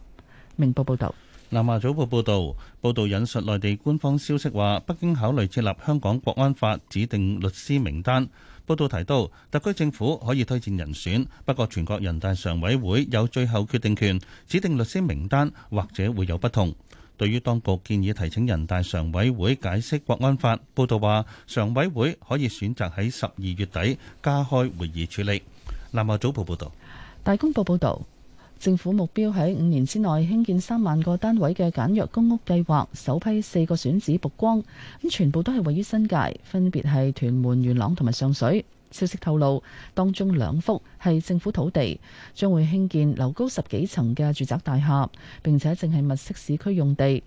S3: 明報報道。
S4: 《南華早報》報道，報導引述內地官方消息話，北京考慮設立香港國安法指定律師名單。報道提到，特區政府可以推薦人選，不過全國人大常委會有最後決定權，指定律師名單或者會有不同。對於當局建議提請人大常委會解釋國安法，報道話常委會可以選擇喺十二月底加開會議處理。南華早報報道，
S3: 大公報報道。政府目標喺五年之內興建三萬個單位嘅簡約公屋計劃，首批四個選址曝光，咁全部都係位於新界，分別係屯門、元朗同埋上水。消息透露，當中兩幅係政府土地，將會興建樓高十幾層嘅住宅大廈，並且淨係物色市區用地。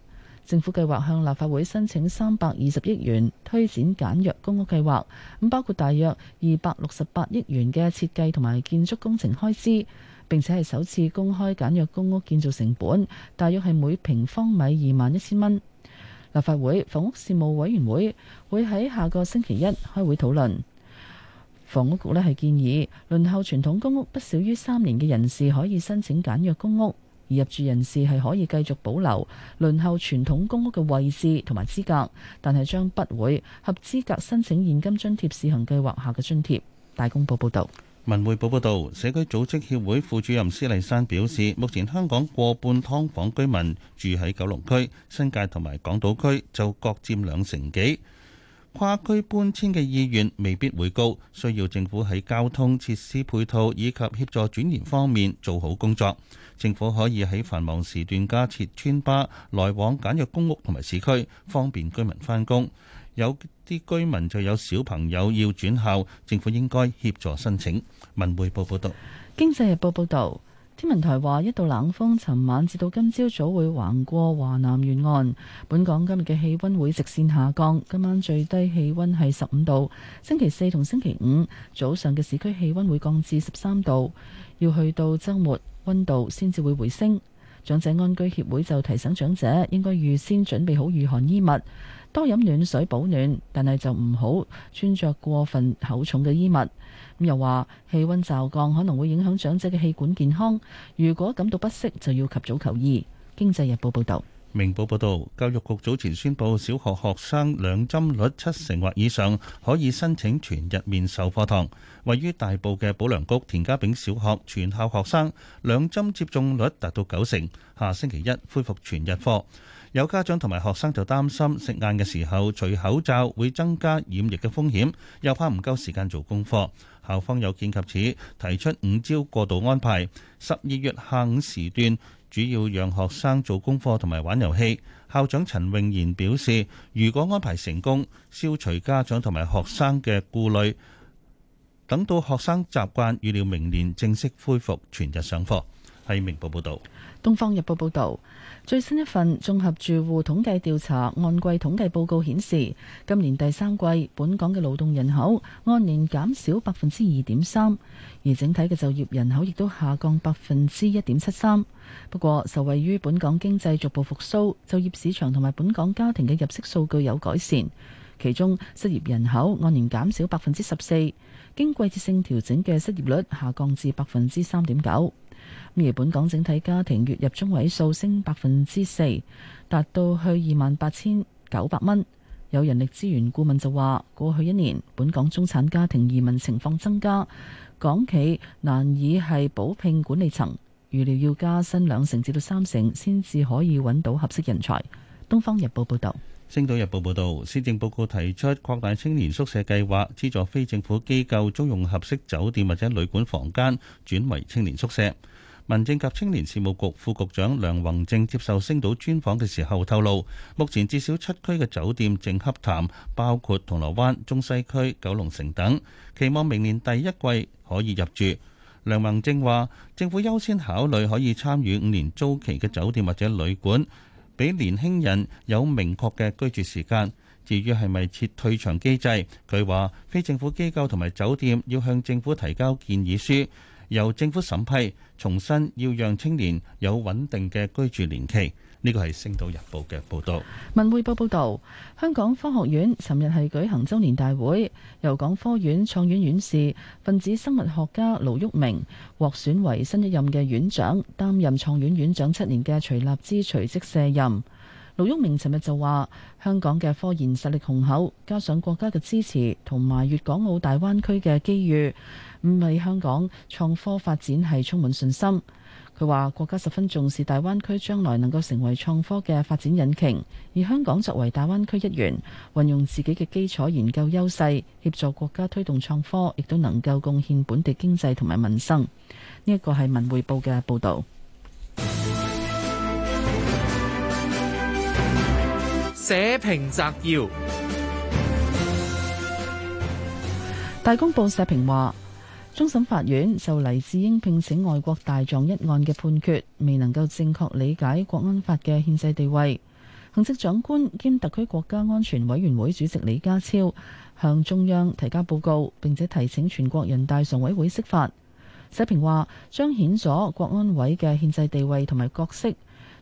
S3: 政府計劃向立法會申請三百二十億元推展簡約公屋計劃，咁包括大約二百六十八億元嘅設計同埋建築工程開支。並且係首次公開簡約公屋建造成本，大約係每平方米二萬一千蚊。立法會房屋事務委員會會喺下個星期一開會討論。房屋局呢係建議，輪候傳統公屋不少於三年嘅人士可以申請簡約公屋，而入住人士係可以繼續保留輪候傳統公屋嘅位置同埋資格，但係將不會合資格申請現金津貼試行計劃下嘅津貼。大公報報道。
S4: 文匯報報道，社區組織協會副主任施麗珊表示，目前香港過半劏房居民住喺九龍區、新界同埋港島區，就各佔兩成幾。跨區搬遷嘅意願未必會高，需要政府喺交通設施配套以及協助轉移方面做好工作。政府可以喺繁忙時段加設村巴，來往簡約公屋同埋市區，方便居民返工。有啲居民就有小朋友要轉校，政府應該協助申請。文匯報報道，
S3: 經濟日報報道，天文台話一道冷風，尋晚至到今朝早，早會橫過華南沿岸，本港今日嘅氣溫會直線下降。今晚最低氣溫係十五度，星期四同星期五早上嘅市區氣溫會降至十三度，要去到周末溫度先至會回升。長者安居協會就提醒長者應該預先準備好御寒衣物。多飲暖水保暖，但係就唔好穿着過分厚重嘅衣物。咁又話氣温驟降，可能會影響長者嘅氣管健康。如果感到不適，就要及早求醫。經濟日報報道。
S4: 明報報道，教育局早前宣布，小學學生兩針率七成或以上可以申請全日面授課堂。位於大埔嘅保良局田家炳小學全校學生兩針接種率達到九成，下星期一恢復全日課。有家長同埋學生就擔心食晏嘅時候除口罩會增加染疫嘅風險，又怕唔夠時間做功課。校方有見及此，提出五招過渡安排。十二月下午時段，主要讓學生做功課同埋玩遊戲。校長陳泳賢表示，如果安排成功，消除家長同埋學生嘅顧慮，等到學生習慣，預料明年正式恢復全日上課。係明報報道。
S3: 《東方日報》報道，最新一份綜合住戶統計調查按季統計報告顯示，今年第三季本港嘅勞動人口按年減少百分之二點三，而整體嘅就業人口亦都下降百分之一點七三。不過，受惠於本港經濟逐步復甦，就業市場同埋本港家庭嘅入息數據有改善。其中，失業人口按年減少百分之十四，經季節性調整嘅失業率下降至百分之三點九。而本港整體家庭月入中位數升百分之四，達到去二萬八千九百蚊。有人力資源顧問就話，過去一年本港中產家庭移民情況增加，港企難以係補聘管理層，預料要加薪兩成至到三成，先至可以揾到合適人才。東方日報報道，
S4: 星島日報報道，施政報告提出擴大青年宿舍計劃，資助非政府機構租用合適酒店或者旅館房間，轉為青年宿舍。民政及青年事務局副局長梁宏正接受星島專訪嘅時候透露，目前至少七區嘅酒店正洽談，包括銅鑼灣、中西區、九龍城等，期望明年第一季可以入住。梁宏正話，政府優先考慮可以參與五年租期嘅酒店或者旅館，俾年輕人有明確嘅居住時間。至於係咪設退場機制，佢話非政府機構同埋酒店要向政府提交建議書。由政府審批，重新要讓青年有穩定嘅居住年期。呢個係星島日報嘅報道。
S3: 文匯報報道，香港科學院尋日係舉行周年大會，由港科院創院院士分子生物學家盧煜明獲選為新一任嘅院長，擔任創院院長七年嘅徐立之隨即卸任。盧煜明尋日就話香港嘅科研實力雄厚，厚，加上國家嘅支持同埋粵港澳大灣區嘅機遇。唔係香港創科發展係充滿信心。佢話國家十分重視大灣區將來能夠成為創科嘅發展引擎，而香港作為大灣區一員，運用自己嘅基礎研究優勢，協助國家推動創科，亦都能夠貢獻本地經濟同埋民生。呢一個係文匯報嘅報導。社評摘要：大公報社評話。終審法院就黎智英聘請外國大狀一案嘅判決，未能夠正確理解國安法嘅憲制地位。行政長官兼特區國家安全委員會主席李家超向中央提交報告，並且提請全國人大常委會釋法。社評話，彰顯咗國安委嘅憲制地位同埋角色，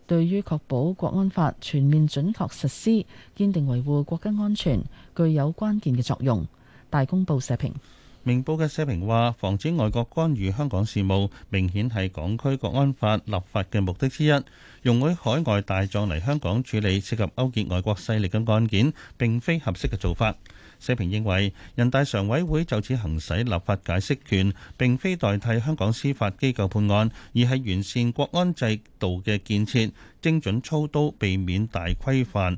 S3: 對於確保國安法全面準確實施、堅定維護國家安全，具有關鍵嘅作用。大公報社評。
S4: 明報嘅社評話，防止外國干預香港事務，明顯係港區國安法立法嘅目的之一。容許海外大狀嚟香港處理涉及勾結外國勢力嘅案件，並非合適嘅做法。社評認為，人大常委會就此行使立法解釋權，並非代替香港司法機構判案，而係完善國安制度嘅建設，精準操刀，避免大規範。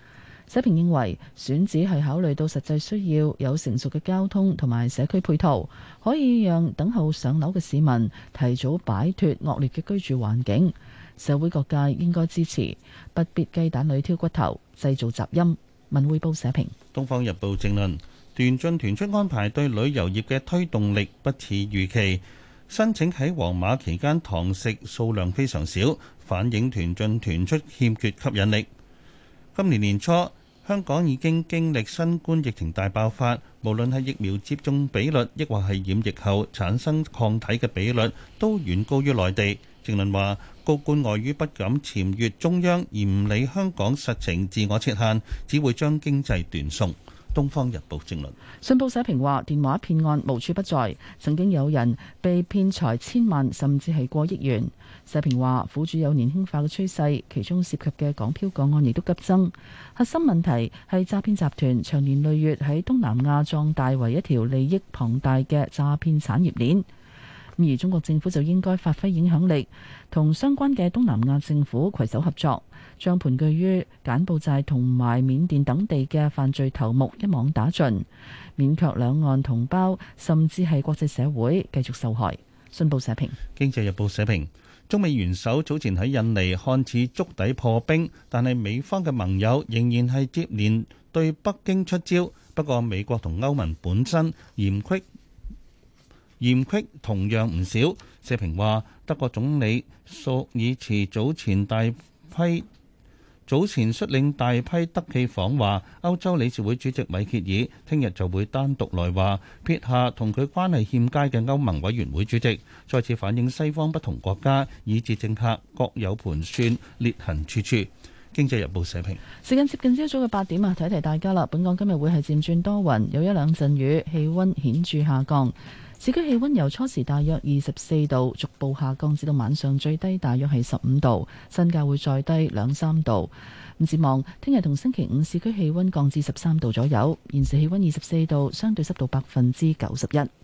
S3: 社評認為選址係考慮到實際需要，有成熟嘅交通同埋社區配套，可以讓等候上樓嘅市民提早擺脱惡劣嘅居住環境。社會各界應該支持，不必雞蛋裏挑骨頭，製造雜音。文匯報社評，
S4: 《東方日報》正論：團進團出安排對旅遊業嘅推動力不似預期，申請喺皇馬期間堂食數量非常少，反映團進團出欠缺吸引力。今年年初。香港已經經歷新冠疫情大爆發，無論係疫苗接種比率，亦或係染疫後產生抗體嘅比率，都遠高於內地。政論話，高官礙於不敢僭越中央，而唔理香港實情，自我設限，只會將經濟斷送。《東
S3: 方日報》政論。信報社評話，電話騙案無處不在，曾經有人被騙財千萬，甚至係過億元。社評話，苦主有年輕化嘅趨勢，其中涉及嘅港漂港案亦都急增。核心問題係詐騙集團長年累月喺東南亞壯大為一條利益龐大嘅詐騙產業鏈。而中國政府就應該發揮影響力，同相關嘅東南亞政府攜手合作，將盤踞於柬埔寨同埋緬甸等地嘅犯罪頭目一網打盡，免卻兩岸同胞甚至係國際社會繼續受害。信報社評，
S4: 《經濟日報》社評。中美元首早前喺印尼看似觸底破冰，但係美方嘅盟友仍然係接連對北京出招。不過美國同歐盟本身嫌隙嫌隙同樣唔少。社評話德國總理朔爾茨早前大批早前率領大批德企訪華，歐洲理事會主席米歇爾聽日就會單獨來華，撇下同佢關係欠佳嘅歐盟委員會主席，再次反映西方不同國家以至政客各有盤算，裂痕處處。經濟日報社評。
S3: 時間接近朝早嘅八點啊，提提大家啦，本港今日會係漸轉多雲，有一兩陣雨，氣温顯著下降。市區氣温由初時大約二十四度，逐步下降至到晚上最低大約係十五度，新界會再低兩三度。展望聽日同星期五市區氣温降至十三度左右。現
S8: 時氣温二十四度，相對濕度百分之九十一。